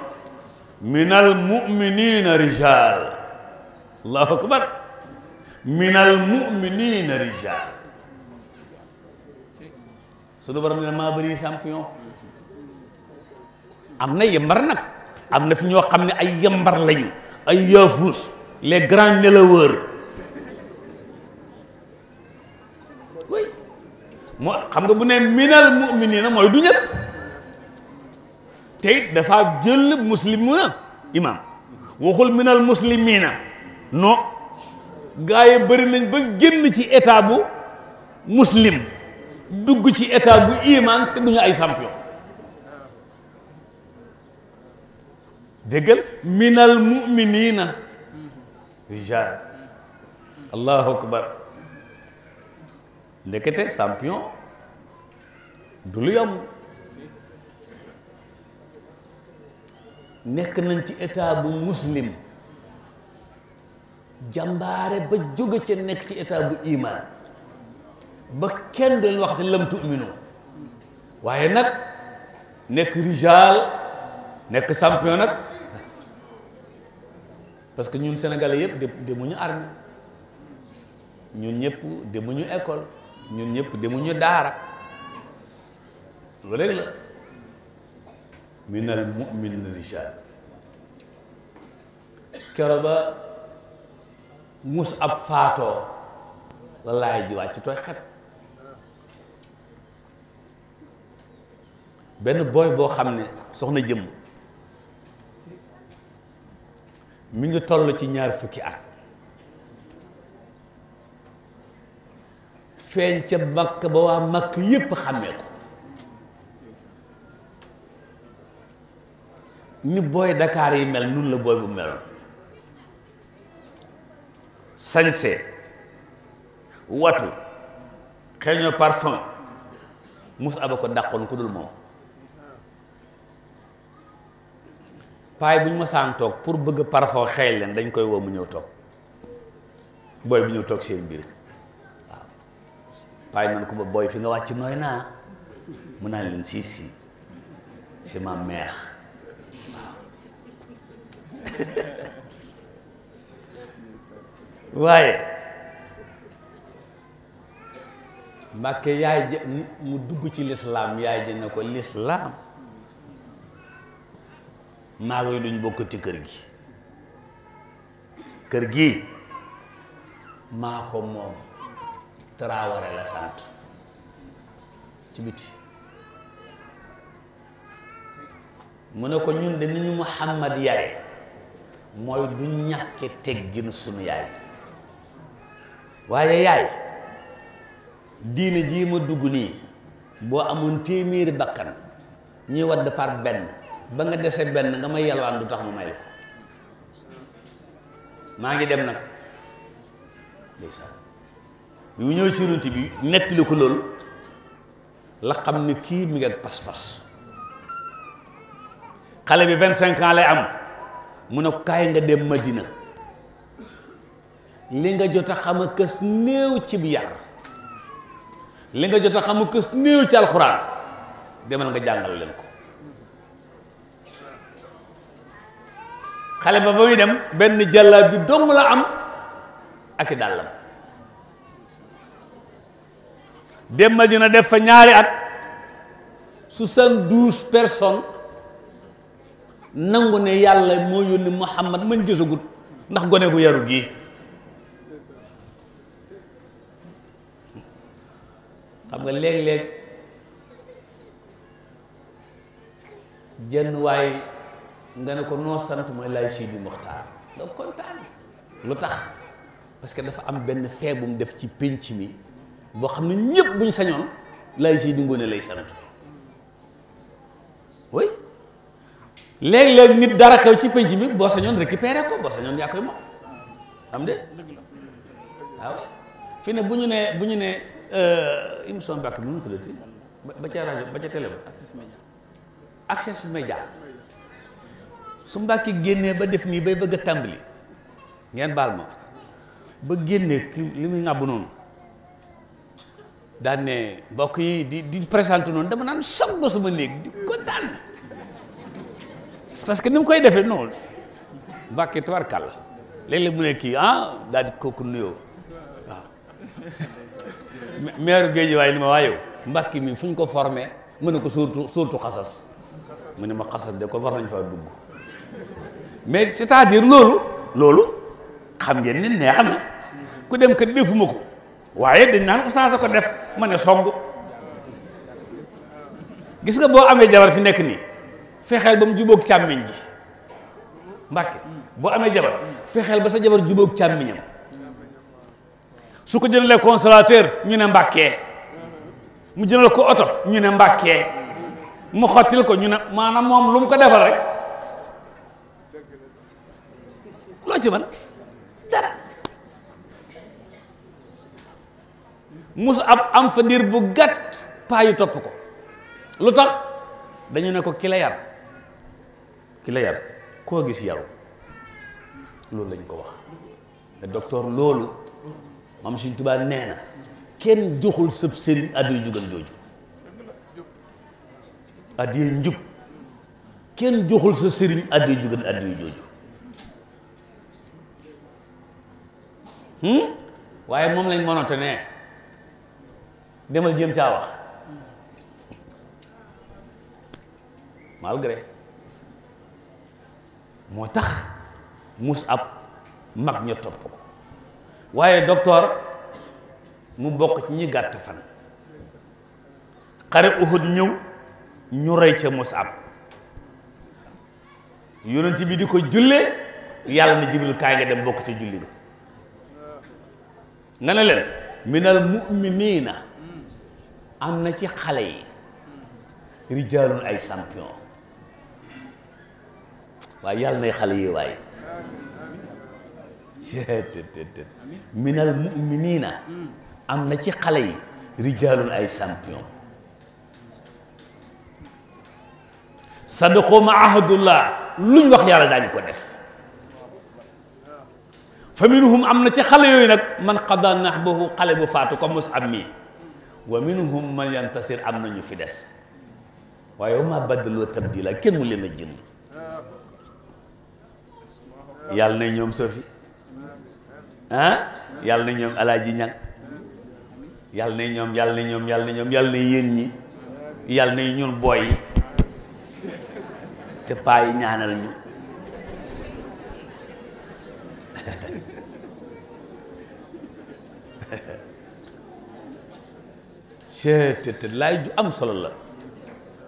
minal mu'minina rijal allahu akbar minal mu'minina rijal suñu borom ne maa bëri champion am na yëmbar nag am na fi ñoo xam ni ay yëmbar lañu ay yaafus les grands éleveurs oui moo xam nga bu ne minal mu'minina mooy du ñëpp te it dafa jël muslimuna imaam waxul minal muslimina non gaa yi bëri nañ ba génn ci état bu muslim dugg ci état bu iman te du ñu ay champion déggal minal muminina rijaal allahu akbar ndekete champion du lu yomb nekk nañ ci état bu muslim jàmbaare ba jóge ca nekk ci état bu iman ba kenn du leen waxte lam waaye nag nekk rijaal nekk champion nag parce que ñun sénégalais yëpp de demuñu armée ñun ñëpp demuñu école ñun ñëpp demuñu daara loolu rek la minal mu'min rijaal kero ba mus ab faatoo la laay ji wàcc tooy xet benn booy boo xam ne soxna jëmm mi ngi toll ci ñaar fukki at feeñ ca makk ba waa makk yépp xàmmee ko ni booy dakaar yi mel nun la booy bu meloon sañse watu xeeñoo parfum mus aba ko daqoon ku dul moom paay bu ñu masaan toog pour bëgg parfum xeeñ leen dañ koy woo mu ñëw toog booy bu ñëw toog seen biir waaw paay nan ko ba booy fi nga wàcc nooy naa mun naa leen sii sii c'est ma mère waaye mbàkke yaay ja mu dugg ci lislaam yaay ja ne ko lislaam maa ngi duñ bokk ci kër gi kër gi maa ko moom Traoré la sant ci biti mu ne ko ñun de ni ñu Muhammad yare mooy du ñàkke teggin sunu yaay waaye yaay diine jii ma dugg nii boo amoon téeméeri bakkan ñuy wadd par benn ba nga dese benn nga may yalwaan du tax mu may ko maa ngi dem nag ndeysaan mu ñëw ci runti bi nekk li ko loolu la xam ne kii mi ngi ak pas-pas xale bi vingt-cinq ans lay am mu ne kaay nga dem Madina li nga jot a xam a kës néew ci bi yar li nga jot a xam a kës néew ci alxuraan demal nga jàngal leen ko xale ba ba muy dem benn jàlla bi dong la am ak i dàllam dem Madina def fa ñaari at soixante-douze personnes nangu ne yàlla moo yónni muhammad mañ gisagut ndax gone bu yaru gii xam nga léeg-léeg jenn waay nga ne ko noo sant mooy lay Sidi Moxtaar nga kontaan lu tax parce que dafa am benn feebum def ci pénc mi boo xam ne ñëpp buñ sañoon lay Sidi Ngoone lay sant oui léeg-léeg nit dara xew ci penc mi boo sañoon récupéré ko boo sañoon yaa koy moom am de waaw ah ne bu ñu nee bu ñu nee euh, émission mbàkk bi nu mu tuddati ba ca rajo ba ca télé ba access média su mbàkki génnee ba def nii bay bëgg tàmbali ngeen baal ma ba génnee ki li muy ŋàbb noonu daan ne mbokk yi di di présenté noonu dama naan sàmm sama néeg di kontaan parce que ni mu koy defee noonu Mbàkke tubarkàlla léeg-léeg mu ne kii ah daal di kooku nuyoo waaw maire géej waaye li ma waayow Mbàkke mi fu ñu ko formé mu ne ko surtout surtout xasas mu ne ma xasas de ko war nañ faa dugg mais c'est-à-dire loolu loolu xam ngeen ni neex na ku dem kat defuma ko waaye dañ naan oustaz a ko def ma ne song gis nga boo amee jabar fi nekk nii fexeel ba mu jubóog càmmiñ ji mbàkke boo amee jabar fexeel ba sa jabar jubóog càmmiñam su ko jënalee consolateur ñu ne mbàkkee mu jënal ko oto ñu ne mbàkkee mu xottil ko ñu ne maanaam moom lu mu ko defal rek loo ci mën dara mus ab am fa diir bu gàtt paa topp ko lu tax dañu ne ko kilo la yar ki la yar koo gis yaru loolu lañ ko wax te loolu maam Sëriñ Tuubaa nee na kenn joxul sëb sëriñ addiya jugal jooju kenn joxul sa sëriñ addiya jugal addiya jooju hmm? waaye moom lañ mënante ne demal jéem caa wax malgré moo tax mus ab mag ña topp ko waaye docteur mu bokk ci ñi gàtt fan xare Uhud ñëw ñu rey ca Musab yonent bi di ko jullee yàlla na Jibril kaay nga dem bokk ca julli ga nga ne leen minal mu'miniina am na ci xale yi rijaalun ay champion waaye yàlla nay xale yi waaye minal mu'minina am na ci xale yi rijaalun ay champion sadaqu ma ahadullah luñ wax yàlla daañu ko def fa minhum am na ci xale yooyu nag man qada nahbahu xale bu faatu ko mos am mii wa minhum man yantasir am na ñu fi des waaye wa ma baddaloo tabdila kenn mu leen a jënd yàlla na ñoom sofi ah yàlla na ñoom alaaji ñang yàlla na ñoom yàlla na ñoom yàlla na ñoom yàlla na yéen ñi yàlla na ñun booy yi te paa yi ñaanal ñu seet te laay ju am solo la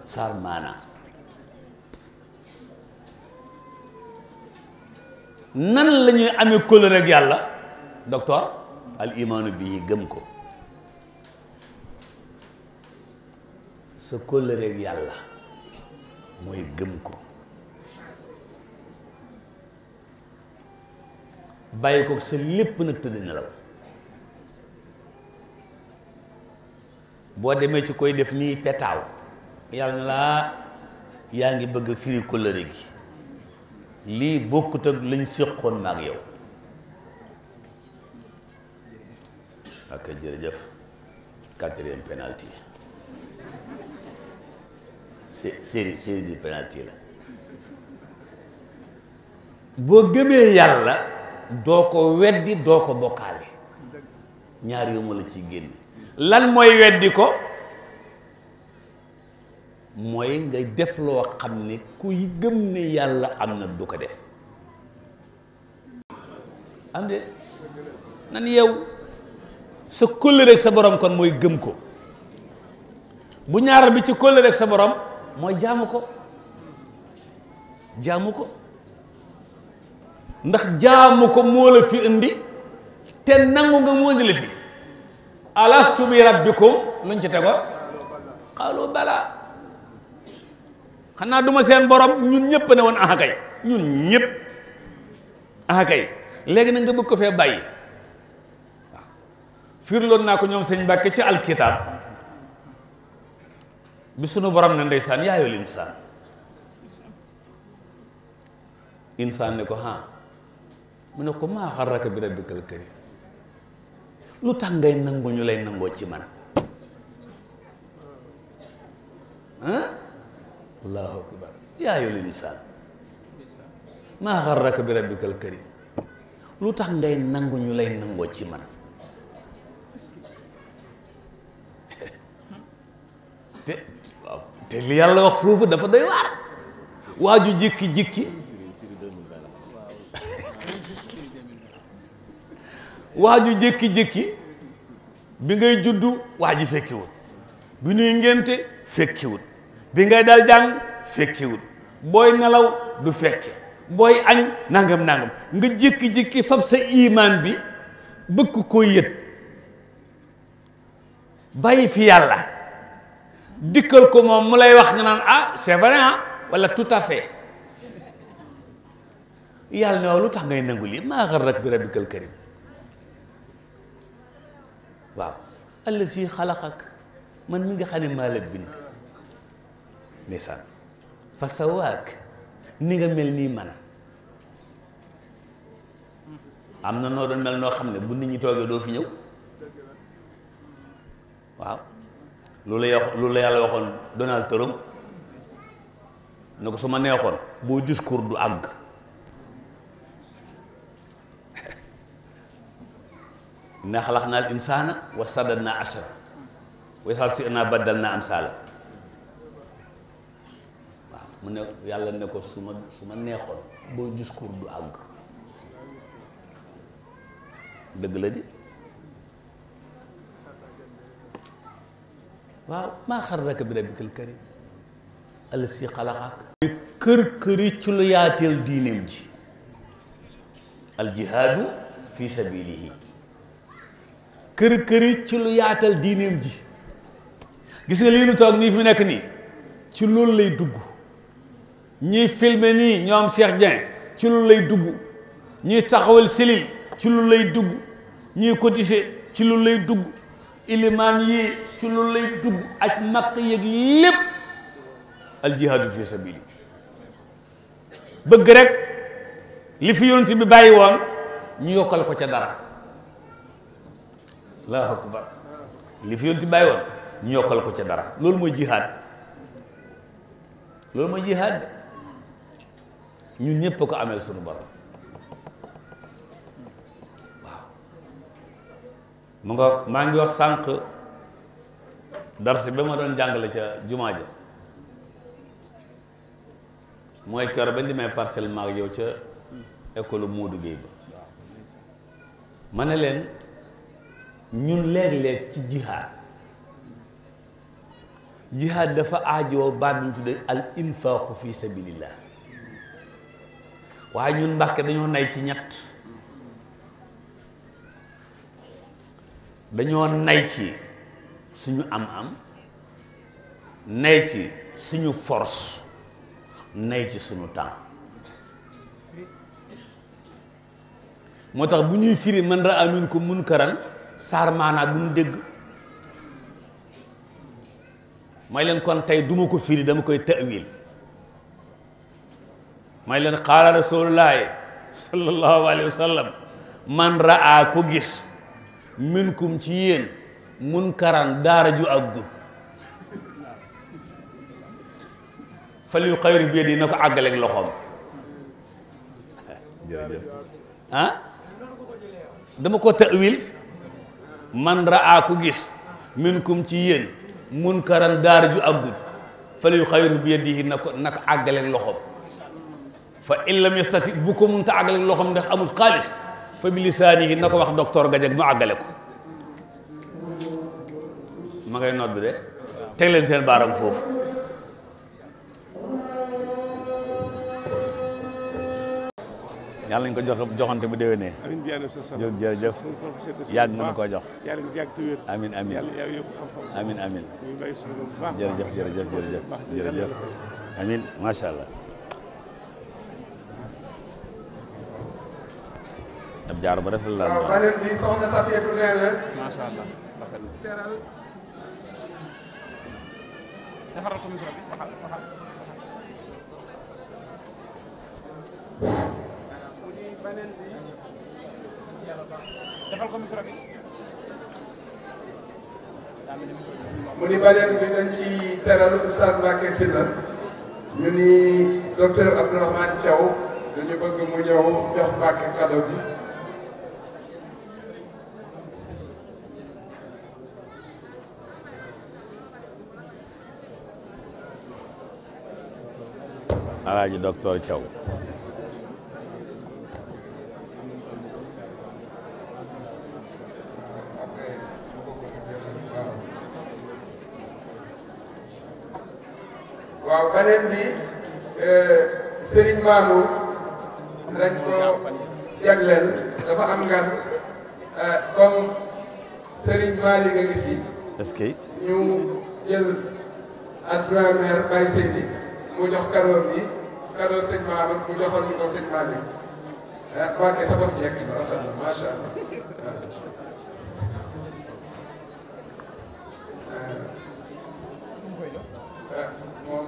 saar maanaa nan la ñuy amee kóllëre yàlla docteur al imaanu bii gëm ko sa kóllëre ak yàlla mooy gëm ko bàyyi ko sa lépp nag tëdd nelaw boo demee ci koy def nii petaaw yàlla na laa ah, yaa ngi bëgg firi kóllëre gi lii bokkut ak lañ séqoon maag yow ak jërëjëf quatrième sé série série du penalty la boo gëmee yàlla doo ko weddi doo ko bokkaale ñaar yu la ci génn lan mooy weddi ko mooy nga def loo xam ne kuy gëm ne yàlla am na du ko def am de nan yow sa kóllëre sa borom kon mooy gëm ko bu ñaaral bi ci kóllëre sa borom mooy jàmm ko jàmm ko ndax jaamu ko moo la fi indi te nangu nga moo indi la fi alastu bi rabbikum luñ ci tego xaalu balaa xanaa duma seen borom ñun ñëpp ne woon axakay ñun ñëpp axakay léegi nag nga bëgg ko fee bàyyi waaw firloon naa ko ñoom sëñ Mbàkke ci alkitaab bi sunu borom ne ndeysaan yaayul insaan insaan ne ko ha mu ne ko maa xarraka bi rabbikal karim lu tax ngay nangu ñu lay nangoo ci man allahu akbar yaa ayyuhal insaan maa xarraka bi rabbikal karim lu tax ngay nangu ñu lay nangoo ci man te waaw te li yàlla wax foofu dafa doy waar waaju jikki-jikki waaju jékki-jékki bi ngay juddu waa ji fekkiwul bi ñuy ngénte fekkiwul bi ngay dal jàng fekkiwul booy nelaw du fekki booy añ nangam nangam nga jékki-jékki fab sa imaan bi bëgg ko yët bàyyi fi yàlla dikkal ko moom mu lay wax nga naan ah c'est vrai ah wala tout à fait yàlla ne lu tax ngay nangu lii maa garrak bi rabbikal karim waaw allazi xalaqak man mi nga xam ne maa la bind ndeysaan fa sawaak ni nga mel nii man am na noo doon mel noo xam ne bu nit ñi toogee doo fi ñëw waaw loolu la loolu la yàlla waxoon Donald Trump ne ko su ma neexoon boo discours du àgg inna xalaqnaa al insaana wa saddadnaa ashra wa si naa baddal naa am saala mu ne yàlla ne ko su ma su neexoon boo discours du àgg dëgg la di waaw maa xarraka bi rabbikal karim allasi xalaqak di kër-këri ci lu yaateel diineem ji aljihaadu fi sabilihi kër-këri ci lu yaatal diineem ji gis nga lii nu toog nii fi nekk nii ci loolu lay dugg ñiy filmer nii ñoom Cheikh Dieng ci lu lay dugg ñuy taxawal selil ci lu lay dugg ñuy cotiser ci lu lay dugg ilimaan yi ci lu lay dugg ak makk yëg lépp al jihaadu fi sabili bëgg rek li fi yonent ñu yokkal ko ca dara allahu akbar li bi bàyyi woon ñu yokkal ko ca dara loolu mooy jihaad loolu mooy jihaad ñun ñëpp ko amee sunu borom waaw mu nga maa ngi wax sànq darsi ba ma doon jàngale ca jumaa ja mooy kër ba limee parcelle maag yow ca école Modou Gueye ba ma ne leen ñun léeg-léeg ci jihaad jihaad dafa aajoo baat bu ñu tuddee al infaqu fi sabilillah waaye ñun Mbàkke dañoo nay ci ñett dañoo nay ci suñu am-am nay ci suñu force nay ci suñu temps moo tax bu ñuy firi man ra amin ko mun karan saar maanaa bu mu dégg mooy leen kon tey duma ko firi dama koy ta'wil may leen xaala rasulullahi sallallahu alayhi wa sallam man raa ku gis minkum ci yéen mun karan daara ju àggul fal yu xayri bi yadihi na ko àggaleeg loxoom ah? dama ko tawil man raa ku gis minkum ci yéen mun karan daara ju àggul fal yu xayri bi yadihi na ko na ko àggaleeg loxoom fa in lam yastati bu ko munta àggale loo xam ndax amul xaalis fa bi lisaani yi na ko wax docteur Gajag mu àggale ko ma ngay nodd de teg leen seen baaram foofu yàlla nañ ko jox joxante bu déwénee jërëjëf yàgg nga ñu ko jox amin amin amin amin jërëjëf jërëjëf jërëjëf jërëjëf amin macha allah ab jaar bu rafet la am. waaw beneen bi soxna Safiatou nee na. macha allah teral. defaral ko micro bi mu ni beneen bi. defal ci teral Oustaz Mbacké Sylla ñu ni docteur Abdourahmane Thiaw dañu bëgg mu ñëw jox Mbacké cadeau bi. alaaji docteur Thiaw waaw beneen bi eh, Serigne Mamadou lañ dafa am ngan eh, comme Serigne Malick a ngi fi. ñu jël adjoint maire Baye mu jox kàddoom yi. kadoo sëñ Maodo mu joxoon ñu ko sëñ Maodo ah eh, Mbacke sa bos njëkk na rafet na macha allah ah moom.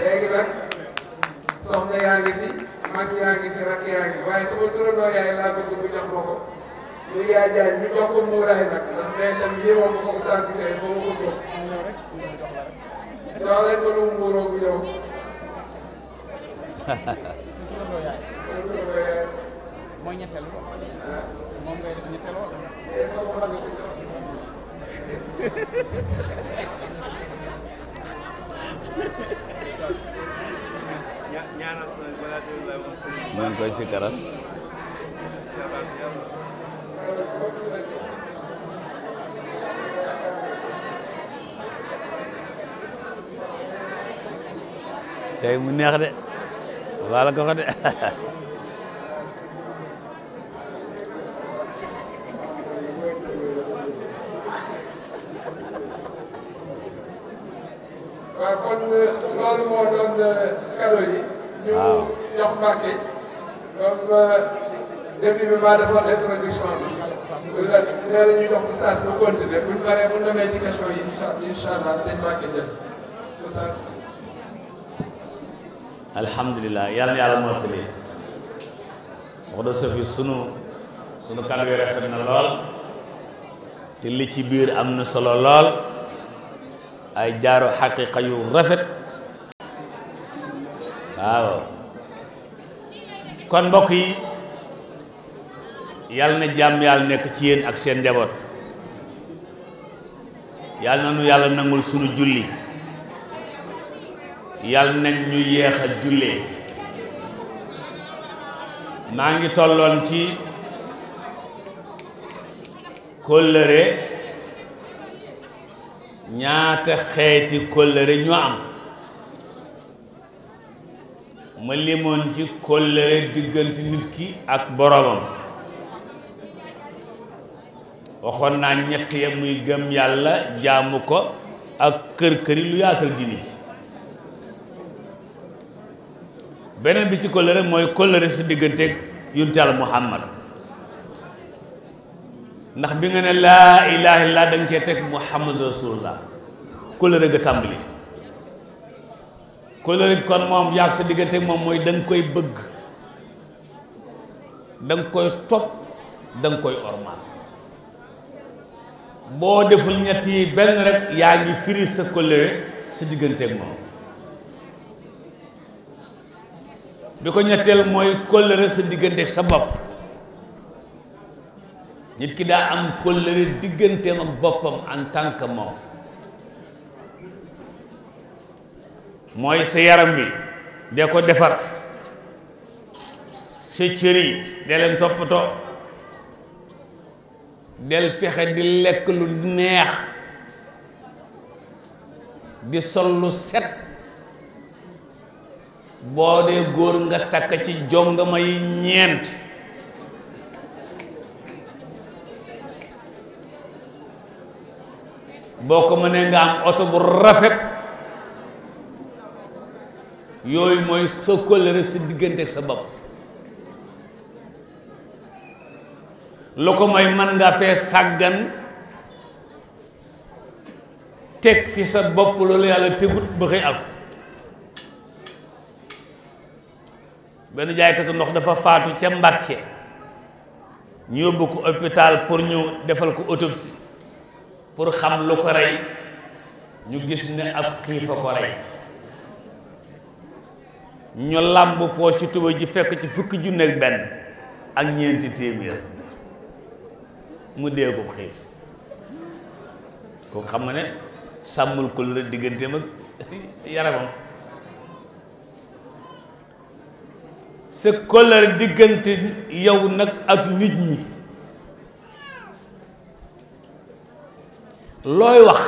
léegi nag soxna yaa ngi fi mag yaa ngi fi rakk yaa ngi waaye sama turandoo yaay laa bëgg yaa jaay ñu jox bu ko saa mu ko jox jox leen ko lu mu muuroo bu ñëw. mooy ñetteel moom ngay ñetteel wala. koy sikaral tey mu neex de wala ko de waaw euh, comme euh, début bi maa defoon introduction bi. la nee na ñu jox ko bu continuer buñ paree bu ñu demee ci question yi incha allah sëñ Mbacke jël ko saas yàlla na yàlla mottali soxna Sophie sunu sunu kàddu yi rafet na lool te li ci biir am na solo lool ay jaaro xaqiqa yu rafet waaw kon mbokk yi yàlla na jàmm yàlla nekk ci yéen ak seen njaboot yàlla na nu yàlla nangul sunu julli yàlla nañ ñu yeex a jullee maa ngi tolloon ci kóllëre ñaata xeeti kóllëre ñoo am ma limoon ci kóllëre diggante nit ki ak boroomam waxoon naa ñett ya muy gëm yàlla jaamu ko ak kër-këri lu yaatal diini ji beneen bi ci kóllëre mooy kóllëre sa diggante yonent Yàlla Muhammad ndax bi nga ne laa ilaaha illallaa da nga cee teg Muhammad rasulullah kóllëre ga tàmbali kóllëre kon moom yaag sa diggante moom mooy danga koy bëgg da koy topp da nga koy ormaal boo deful ñett yi benn rek yaa ngi firi sa kóllëre sa diggante moom bi ko ñetteel mooy kóllëre sa diggante sa bopp nit ki daa am kóllëre digganteem ak boppam en tant que moom mooy sa yaram bi de ko defar sa cër yi de leen toppatoo del fexe di lekk lu neex di sol lu set boo dee góor nga takk ci jongama yi ñeent boo ko mënee nga am oto bu rafet yooyu mooy sa kóllëre sa diggante ak sa bopp lu ko mooy mën nga fee sàggan teg fi sa bopp loolu yàlla tegut ba xëy ak benn jaaykatu ndox dafa faatu ca Mbàkke ñu yóbbu ko hôpital pour ñu defal ko autopsie pour xam lu ko rey ñu gis ne ab xiifa ko rey ñu làmb poos ci tuba ji fekk ci fukki junne ak benn ak ñeenti téeméer mu dee xiif kooku xam nga ne sàmmul ko la digganteem ak yaramam sa kóllëre diggante yow nag ak nit ñi looy wax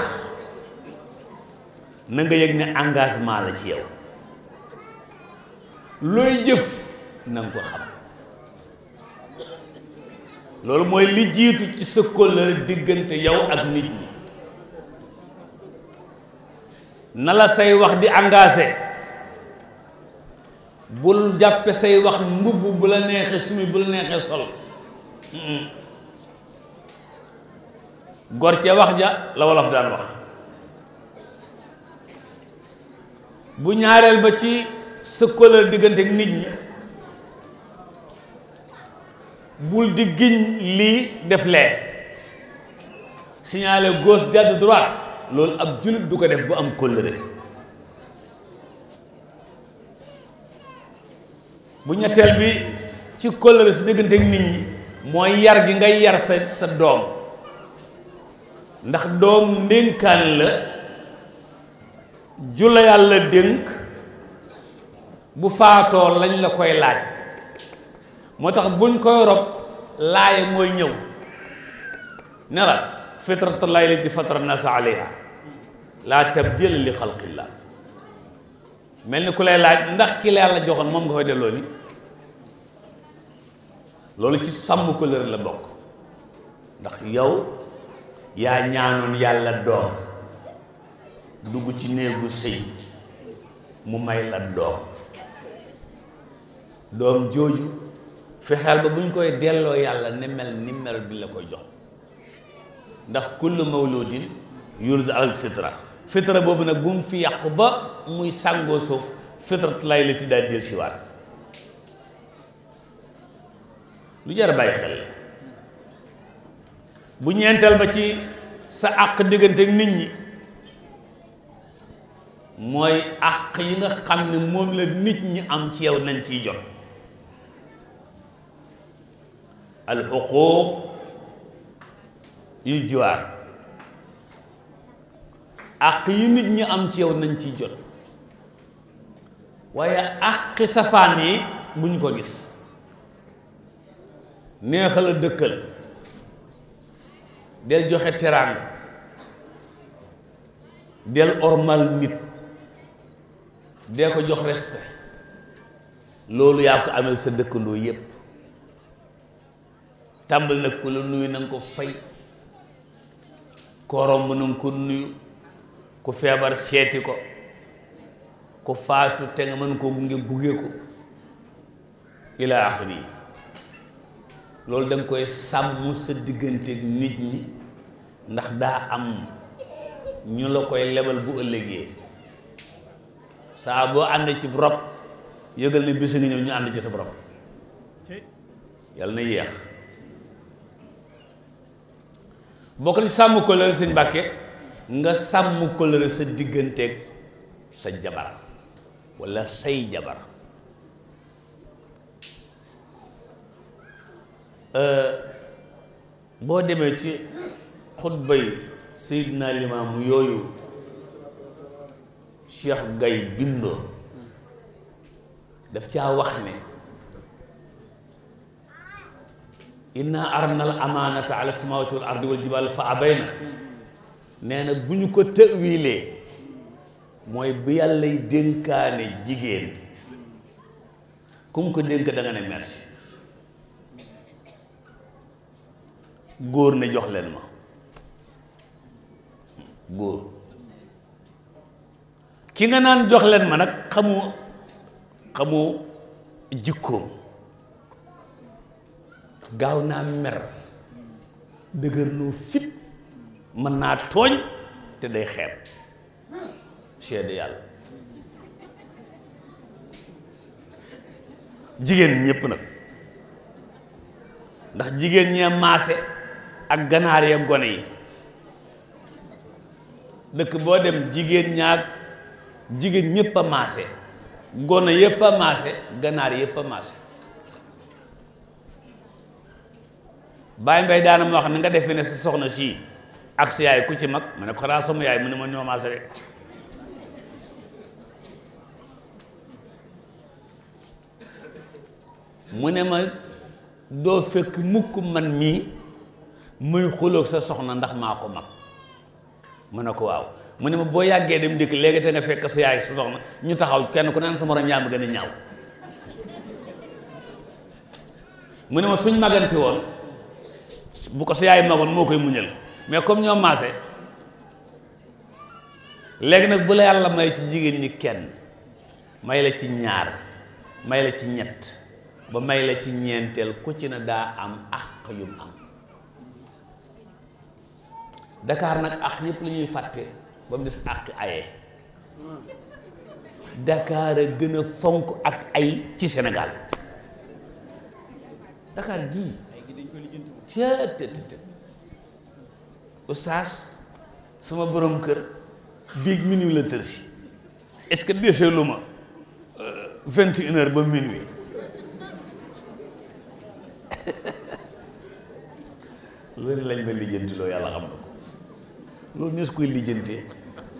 na nga yëg ne engagement la ci yow looy jëf na nga ko xam loolu mooy li jiitu ci sa kóllëre diggante yow ak nit ñi na la say wax di engagé bul jàppe say wax mbubb bu la neexee sumi bu la neexee sol gor ca wax ja la wolof daan wax bu ñaareel ba ci sa kóllëre diggante ak nit ñi bul di giñ lii def lee signalé gauche jàdd droite loolu ab jullit du ko def bu am kóllëre bu ñetteel bi ci kóllëre sa diggante ak nit ñi mooy yar gi ngay yar sa sa doom ndax doom ndénkaan la ju yàlla dénk bu faatoo lañ la koy laaj moo tax buñ koy rob laaya mooy ñëw ne la fitratullahi lati fatara nasa alayha laa tabdila li xalqillah mel ni ku lay laaj ndax ki la yàlla joxoon moom nga koy delloo ni loolu ci sàmm ko lër la bokk ndax yow yaa ñaanoon yàlla doom dugg ci néegu sëy mu may la doom doom jooju fexeel ba buñ koy delloo yàlla ni mel ni bi la koy jox ndax kullu mawludin yulad al fitra fitra boobu nag bu mu fi yàqu ba muy sàngoo suuf fitrat lay la ci daal del siwaat lu jar bàyyi xel la bu ñeenteel ba ci sa àq diggante nit ñi mooy àq yi nga xam ne moom la nit ñi am ci yow nañ ciy jot alxuquuq yu jiwaar àq yi nit ñi am ci yow nañ ciy jot waaye àqi safaan yi buñ ko gis neexal a dëkkal del joxe teraanga del ormal nit dee ko jox respect loolu yaa ko amel sa dëkkandoo yépp tàmbal nag ku la nuyu na ko fay ko romb na nga ko nuyu ku feebar seeti ko ku faatu te nga mën koo gunge gunge ko ilaa yi loolu da koy sàmm sa diggante nit ñi ndax daa am ñu la koy lebal bu ëllëgee saa boo ànd ci rob yëgal ne bés nga ñëw ñu ànd ci sa rob yàlla na yéex bokk na sàmm kóllëre sëñ Mbàkke nga sàmm kóllëre sa digganteeg sa jabar walla say jabar euh, boo demee ci xutba yi Seydina Limaamu yooyu Cheikh Gay bindoo daf caa wax ne inna arna al amaanata ala samawati wal ardi wal jibal fa abayna nee na bu ñu ko tëwilee mooy bu yàllay dénkaane jigéen ku ko dénk da ne merci góor ne jox leen ma góor ki nga naan jox leen ma nag xamu xamu jikkoom gaaw naa mer dëgër noo fit mën naa tooñ te day xeeb seede yàlla jigéen ñépp nag ndax jigéen ñee maase ak ganaar ya gone yi dëkk boo dem jigéen ñaag jigéen ñépp a maase gone yépp a maase ganaar yépp a maase bàyyi mbay daana moo xam ne nga defee ne sa soxna sii ak sa yaay ku ci mag ma ne ko xanaa sama yaay mu ne ma ne ma doo fekk mukk man mii muy xuloog sa soxna ndax maa ko mag mu ne ko waaw mu ne ma boo yàggee dem dikk léegi te nga fekk sa yaay sa soxna ñu taxaw kenn ku naan sa morom yaa ma gën a ñaaw mu ne ma suñ magante woon bu ko sa yaay magoon moo koy muñal mais comme ñoom maase léegi nag bu la yàlla may ci jigéen ñi kenn may la ci ñaar may la ci ñett ba may la ci ñeenteel ku ci na daa am àq yum am Dakar nag àq yëpp la fàtte ba mu des àq aye Dakar a gën a fonk ak ay ci Sénégal Dakar gii cët të oustaz sama borom kër bii minuit la tër si est-ce que dese lu ma vingt et une heure ba minuit loolu lañ ma lijjanti loo yàlla xam na ko loolu nees koy lijjantee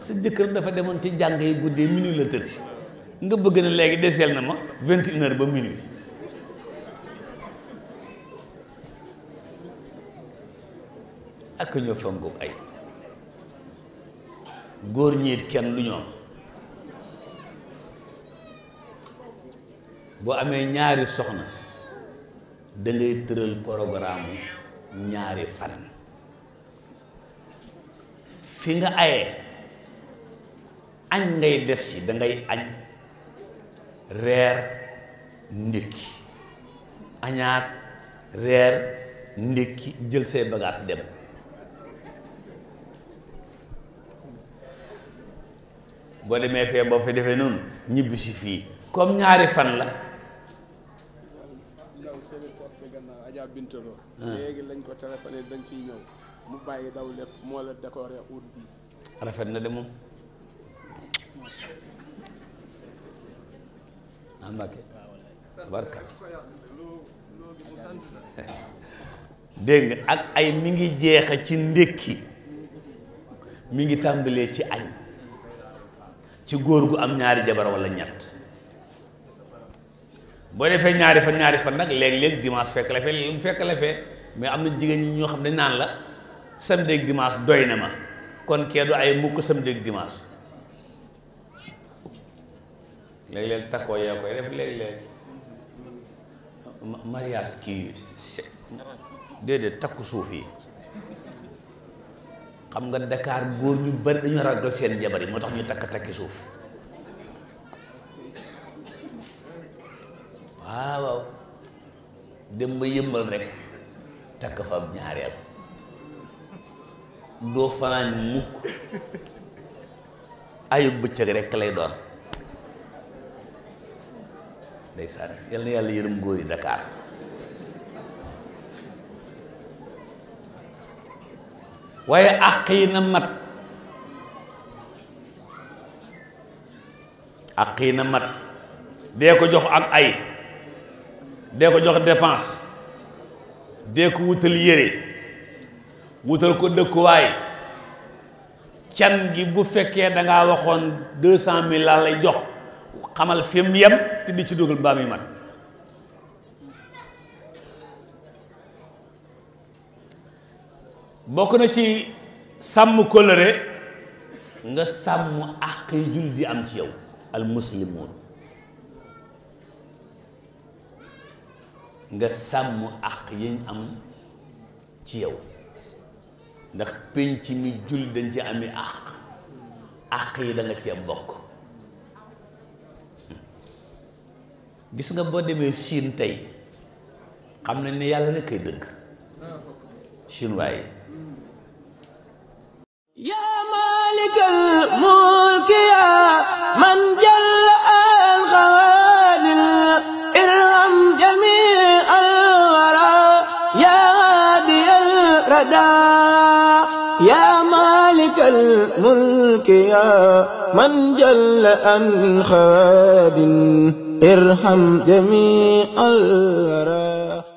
sa jëkkër dafa demoon ci jàng yi guddee minuit la tër si nga bëgg na léegi deseel na ma vingt et une heure ba minuit ak ñoo fangoog ay góor ñiit kenn lu ñoom boo amee ñaari soxna dangay tëral programme ñaari fan fi nga ayee añ ngay def si dangay añ reer ndékki añaat reer ndékki jël say bagaas dem boo demee fee boo fi defee noonu ñibbisi fii comme ñaari fan la Adja Binta ah. léegi lañ ko téléphoné dañ ciy ñëw mu bàyyi daw lépp moo la décoré ut bi rafet na de moom amake ah, barka dégg ak ay mi ngi jeexa ci ndékki mi ngi tàmbalee ci añ ci góor gu am ñaari jabar walla ñett boo defee ñaari fan ñaari fan nag léeg-léeg dimanche fekk la fee lu fekk la fee mais am na jigéen ñi ñoo xam ne naan la samedi ak dimanche doy na ma kon kee du ay mukk samedi ak dimanche léeg-léeg takkoo yaa koy def léeg suuf yi xam nga dakaar góor ñu bari dañu ragal seen jabar yi moo tax ñu takk takki suuf waaw waaw dem ba yëmbal rek takk fa ñaareel doo fanaan mukk ayub bëccëg rek lay doon ndeysaan yal na yàlla yërëm góor yi Dakar waaye àq yi na mat àq yi na mat dee ko jox ak ay dee ko jox dépense dee ko wutal yére wutal ko dëkkuwaay can gi bu fekkee dangaa waxoon deux cent mille laa lay jox xamal fi yam yem di ci dugal baa muy mat bokk na ci sàmm kóllëre nga sàmm àq yi jullit di am ci yow al muslimun nga sàmm àq yi am ci yow ndax ci mi jullit dañ ci ami àq àq yi da nga cee bokk gis nga boo demee Chine tey xam nañ ni yàlla rekk ay dëgg chinois yi yaa maalikal mulki yaa man jàll al xawaadir irham jamii al waraa yaa haadiyal radaa yaa maalikal mulki yaa man jàll al xawaadir irham jamii al waraa